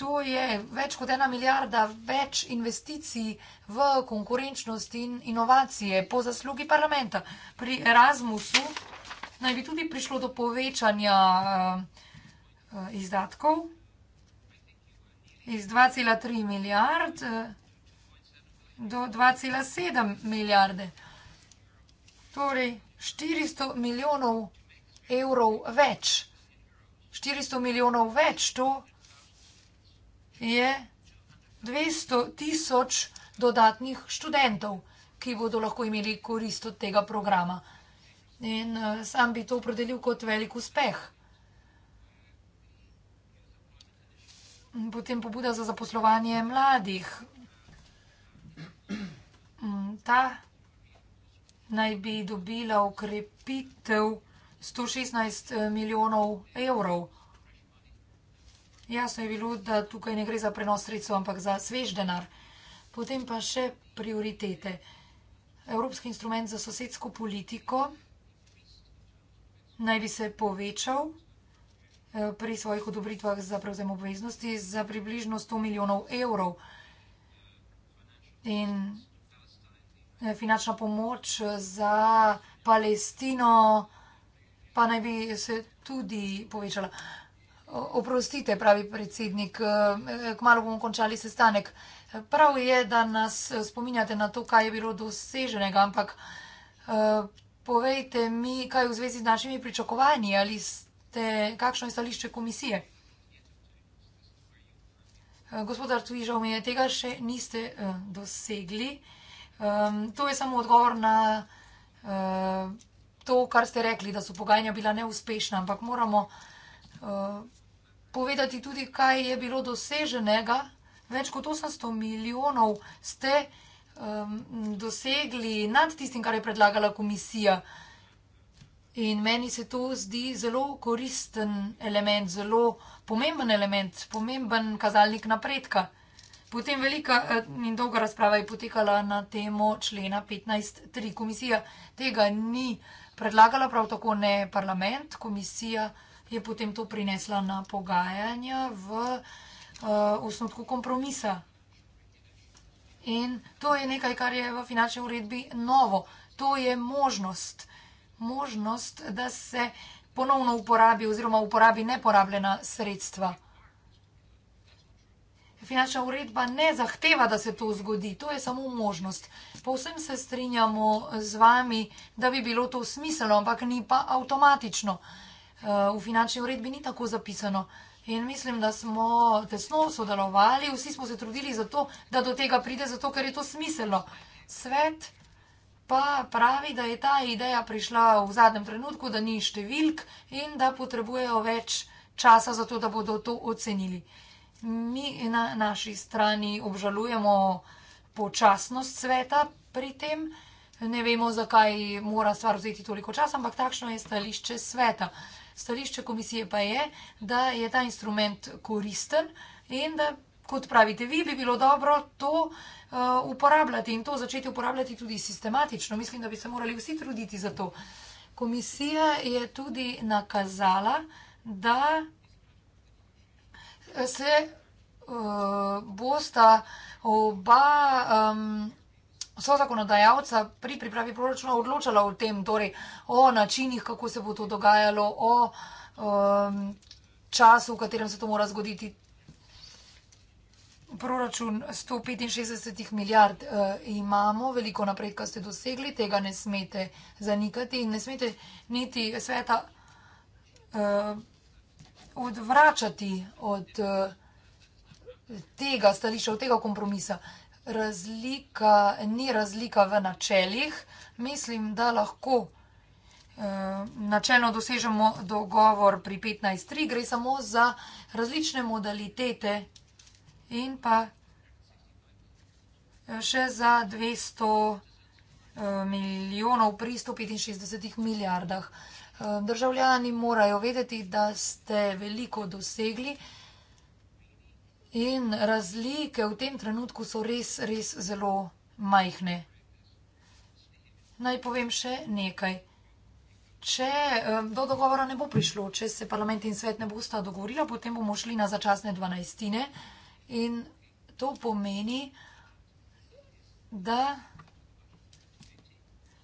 To je več kot ena milijarda več investicij v konkurenčnost in inovacije po zaslugi parlamenta. Pri Erasmusu naj bi tudi prišlo do povečanja eh, eh, izdatkov iz 2,3 milijard eh, do 2,7 milijarde. Torej 400 milijonov evrov več. 400 milijonov več to je je dvesto tisoč dodatnih študentov, ki bodo lahko imeli korist od tega programa. In eh, sam bi to opredelil kot velik uspeh. Potem pobuda za zaposlovanje mladih. Mm, ta naj bi dobila ukrepitev 116 eh, milijonov evrov. Jasno je bilo, da tukaj ne gre za prenos sredstva, ampak za svež denar. Potem pa še prioritete. Evropski instrument za sosedsko politiko naj bi se povečal eh, pri svojih odobritvah za prevzem obveznosti za približno 100 milijonov evrov. In eh, finančna pomoč eh, za Palestino pa naj bi se tudi povečala. Oprostite, pravi predsednik, eh, eh, kmalo bomo končali sestanek. Prav je, da nas eh, spominjate na to, kaj je bilo doseženega, ampak povejte mi, kaj v zvezi z našimi pričakovanji ali ste, kakšno je stališče komisije. Gospod Artuji, žal mi je, tega še niste dosegli. Ehm, to je samo odgovor na to, kar ste rekli, da so pogajanja bila neuspešna, ampak moramo povedati, povedati tudi, kaj je bilo doseženega. Več kot 800 milijonov ste um, dosegli nad tistim, kar je predlagala komisija. In meni se to zdi zelo koristen element, zelo pomemben element, pomemben kazalnik napredka. Potem velika eh, in dolga razprava je potekala na temo člena 15.3. Komisija tega ni predlagala, prav tako ne parlament, komisija je potem to prinesla na pogajanja v eh, osnutku kompromisa. In to je nekaj, kar je v finančni uredbi novo. To je možnost. Možnost, da se ponovno uporabi oziroma uporabi neporabljena sredstva. Finančna uredba ne zahteva, da se to zgodi. To je samo možnost. Povsem se strinjamo z vami, da bi bilo to smiselno, ampak ni pa avtomatično. Eh, v finančni uredbi ni tako zapisano. In mislim, da smo tesno sodelovali, vsi smo se trudili za to, da do tega pride, zato ker je to smiselno. Svet pa pravi, da je ta ideja prišla v zadnjem trenutku, da ni številk in da potrebujejo več časa za to, da bodo to ocenili. Mi na naši strani obžalujemo počasnost sveta pri tem. Ne vemo, zakaj mora stvar vzeti toliko časa, ampak takšno je stališče sveta. Uh, Stališče komisije pa je, da je ta instrument koristen in da, kot pravite vi, bi bilo dobro to uh, uporabljati in to začeti uporabljati tudi sistematično. Mislim, da bi se morali vsi truditi za to. Komisija je tudi nakazala, da eh, se uh, bosta oba. Um, so zakonodajalca pri pripravi proračuna odločala o tem, torej o načinih, kako se bo to dogajalo, o um, času, v katerem se to mora zgoditi. Proračun 165 milijard uh, imamo, veliko napredka ste dosegli, tega ne smete zanikati in ne smete niti sveta uh, odvračati od uh, tega stališča, od tega kompromisa. Uh, razlika, ni razlika v načeljih. Mislim, da lahko eh, načelno dosežemo dogovor pri 15.3, gre samo za različne modalitete in pa eh, še za 200 eh, milijonov pri 165 milijardah. Državljani morajo vedeti, da ste veliko dosegli in In razlike v tem trenutku so res, res zelo majhne. Naj povem še nekaj. Če eh, do dogovora ne bo prišlo, če se parlament in svet ne bo sta dogovorila, potem bomo šli na začasne dvanajstine in to pomeni, da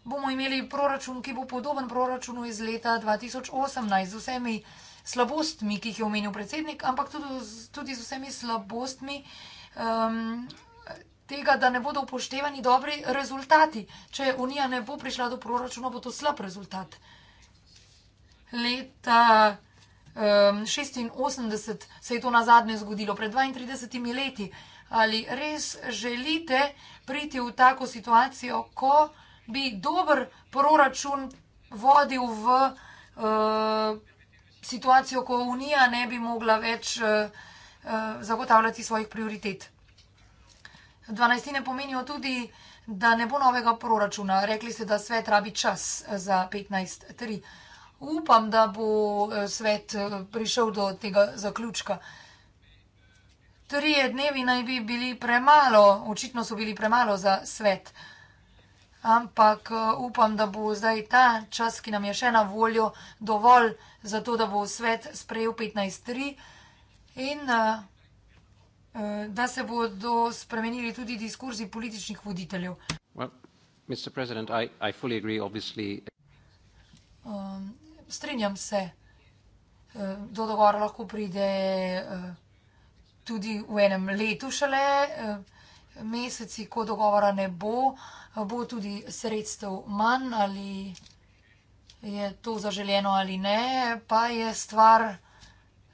bomo imeli proračun, ki bo podoben proračunu iz leta 2018 z vsemi proračunami, slabostmi, ki jih je omenil predsednik, ampak tudi, tudi z vsemi slabostmi um, tega, da ne bodo upoštevani dobri rezultati. Če Unija ne bo prišla do proračuna, bo to slab rezultat. Leta 1986 um, se je to na zadnje zgodilo, pred 32 leti. Ali res želite priti v tako situacijo, ko bi dober proračun vodil v uh, situacijo, ko Unija ne bi mogla več eh, eh, zagotavljati svojih prioritet. Dvanajstine pomenijo tudi, da ne bo novega proračuna. Rekli ste, da svet rabi čas eh, za 15.3. Upam, da bo svet prišel do tega zaključka. Trije dnevi naj bi bili premalo, očitno so bili premalo za svet. Ampak upam, da bo zdaj ta čas, ki nam je še na voljo, dovolj za to, da bo svet sprejel 15.3 in eh, eh, da se bodo spremenili tudi diskurzi političnih voditeljev. Well, I, I agree, um, strinjam se, eh, do dogovora lahko pride tudi v enem letu šele, meseci, ko dogovora ne bo, bo tudi sredstev manj ali je to zaželjeno ali ne, pa je stvar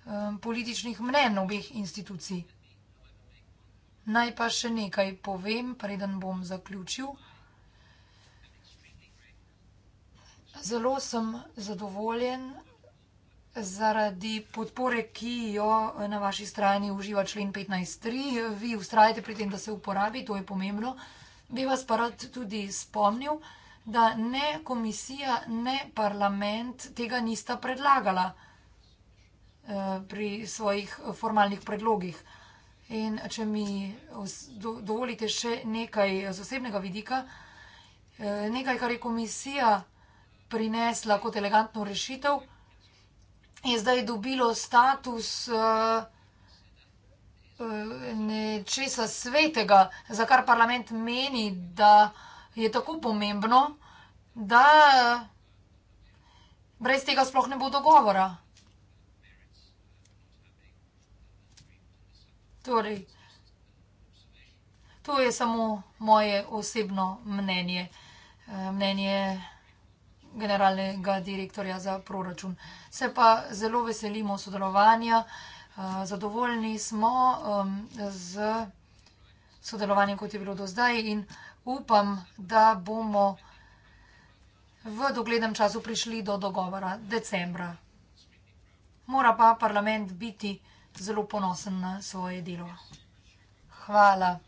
um, političnih mnen obeh institucij. Naj pa še nekaj povem, preden bom zaključil. Zelo sem zadovoljen zaradi podpore, ki jo na vaši strani uživa člen 15.3. Vi ustrajate pri tem, da se uporabi, to je pomembno. Bi vas pa rad tudi spomnil, da ne komisija, ne parlament tega nista predlagala eh, pri svojih formalnih predlogih. In če mi dovolite še nekaj z osebnega vidika, eh, nekaj, kar je komisija prinesla kot elegantno rešitev, je zdaj dobilo status eh, nečesa svetega, za kar parlament meni, da nekaj, je tako pomembno, da brez tega sploh ne bo dogovora. Torej, to je samo moje osebno mnenje, eh, mnenje generalnega direktorja za proračun. Se pa zelo veselimo sodelovanja, eh, zadovoljni smo eh, z sodelovanjem, kot je bilo do zdaj in vsega upam, da bomo v doglednem času prišli do dogovora decembra. Mora pa parlament biti zelo ponosen na svoje delo. Hvala.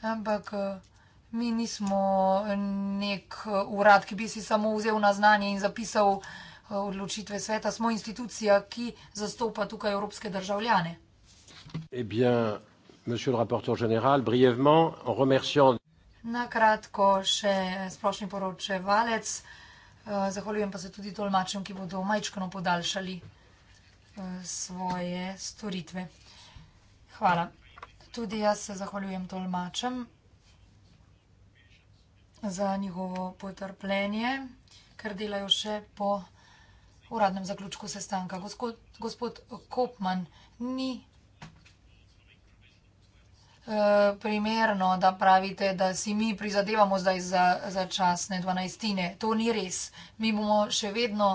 Ampak eh, mi nismo eh, nek eh, urad, ki bi si samo vzel na znanje in zapisal odločitve sveta. Smo institucija, ki zastopa tukaj evropske državljane. Eh bien, Monsieur le rapporteur général, brièvement, en remerciant. Na kratko še splošni poročevalec, eh, zahvaljujem pa se tudi tolmačem, ki bodo majčkano podaljšali eh, svoje storitve. Hvala. Tudi jaz se zahvaljujem tolmačem za njihovo potrpljenje, ker delajo še po uradnem zaključku sestanka. Gospod Kopman, ni Eh, primerno, da pravite, da si mi prizadevamo zdaj za začasne dvanajstine. To ni res. Mi bomo še vedno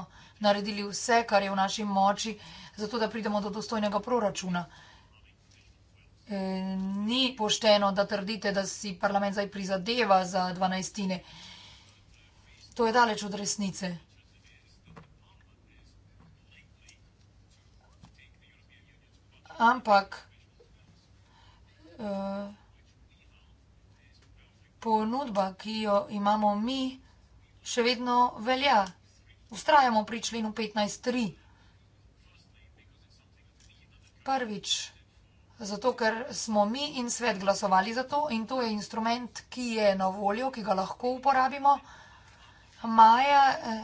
naredili vse, kar je v naši moči, zato da pridemo do dostojnega proračuna. E, ni pošteno, da trdite, da si parlament zdaj prizadeva za dvanajstine. To je daleč od resnice. Ampak Eh, ponudba, ki jo imamo mi, še vedno velja. Ustrajamo pri členu 15.3. Prvič, zato ker smo mi in svet glasovali za to in to je instrument, ki je na voljo, ki ga lahko uporabimo. Maja eh,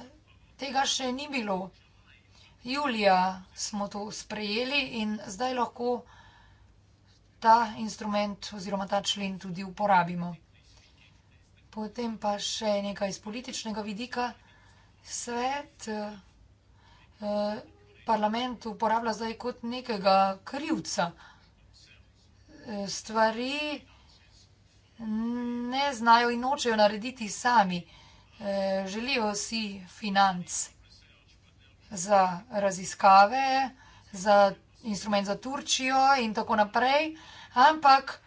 tega še ni bilo. Julija smo to sprejeli in zdaj lahko vsega ta instrument oziroma ta člen tudi uporabimo. Potem pa še nekaj iz političnega vidika. Svet eh, parlament uporablja zdaj kot nekega krivca. Eh, stvari ne znajo in nočejo narediti sami. Eh, želijo si financ za raziskave, za instrument za Turčijo in tako naprej, ampak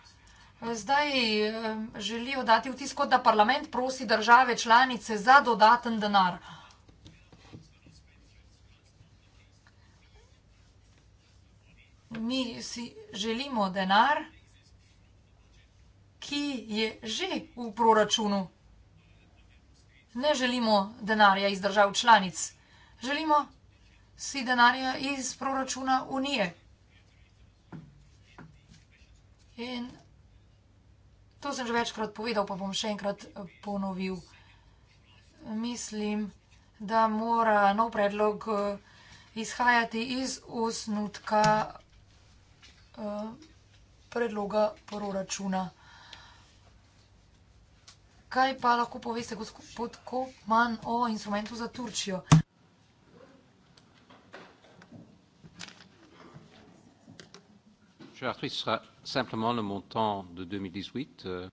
eh, zdaj eh, želijo dati vtis, kot da parlament prosi države članice za dodaten denar. Mi si želimo denar, ki je že v proračunu. Ne želimo denarja iz držav članic. Želimo denar si denarja iz proračuna Unije. In to sem že večkrat povedal, pa bom še enkrat ponovil. Mislim, da mora nov predlog eh, izhajati iz osnutka eh, predloga proračuna. Kaj pa lahko poveste, gospod Kopman, o instrumentu za Turčijo? Monsieur Arthur, ce sera simplement le montant de 2018. Euh.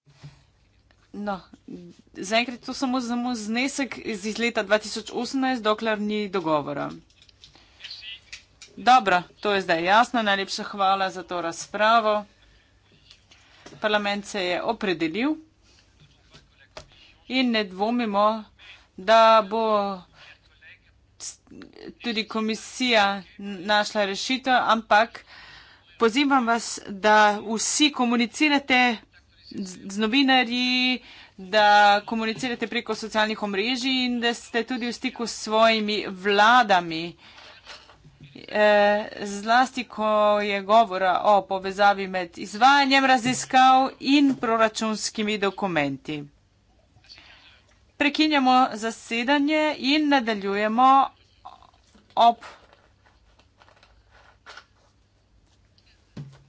Non. Dobro, to je zdaj jasno. Najlepša hvala za to razpravo. Parlament se je opredelil in ne dvomimo, da bo tudi komisija našla rešitev, ampak Pozivam vas, da vsi komunicirate z novinarji, da komunicirate preko socialnih omrežij in da ste tudi v stiku s svojimi vladami. E, zlasti, ko je govora o povezavi med izvajanjem raziskav in proračunskimi dokumenti. Prekinjamo zasedanje in nadaljujemo ob 15.30.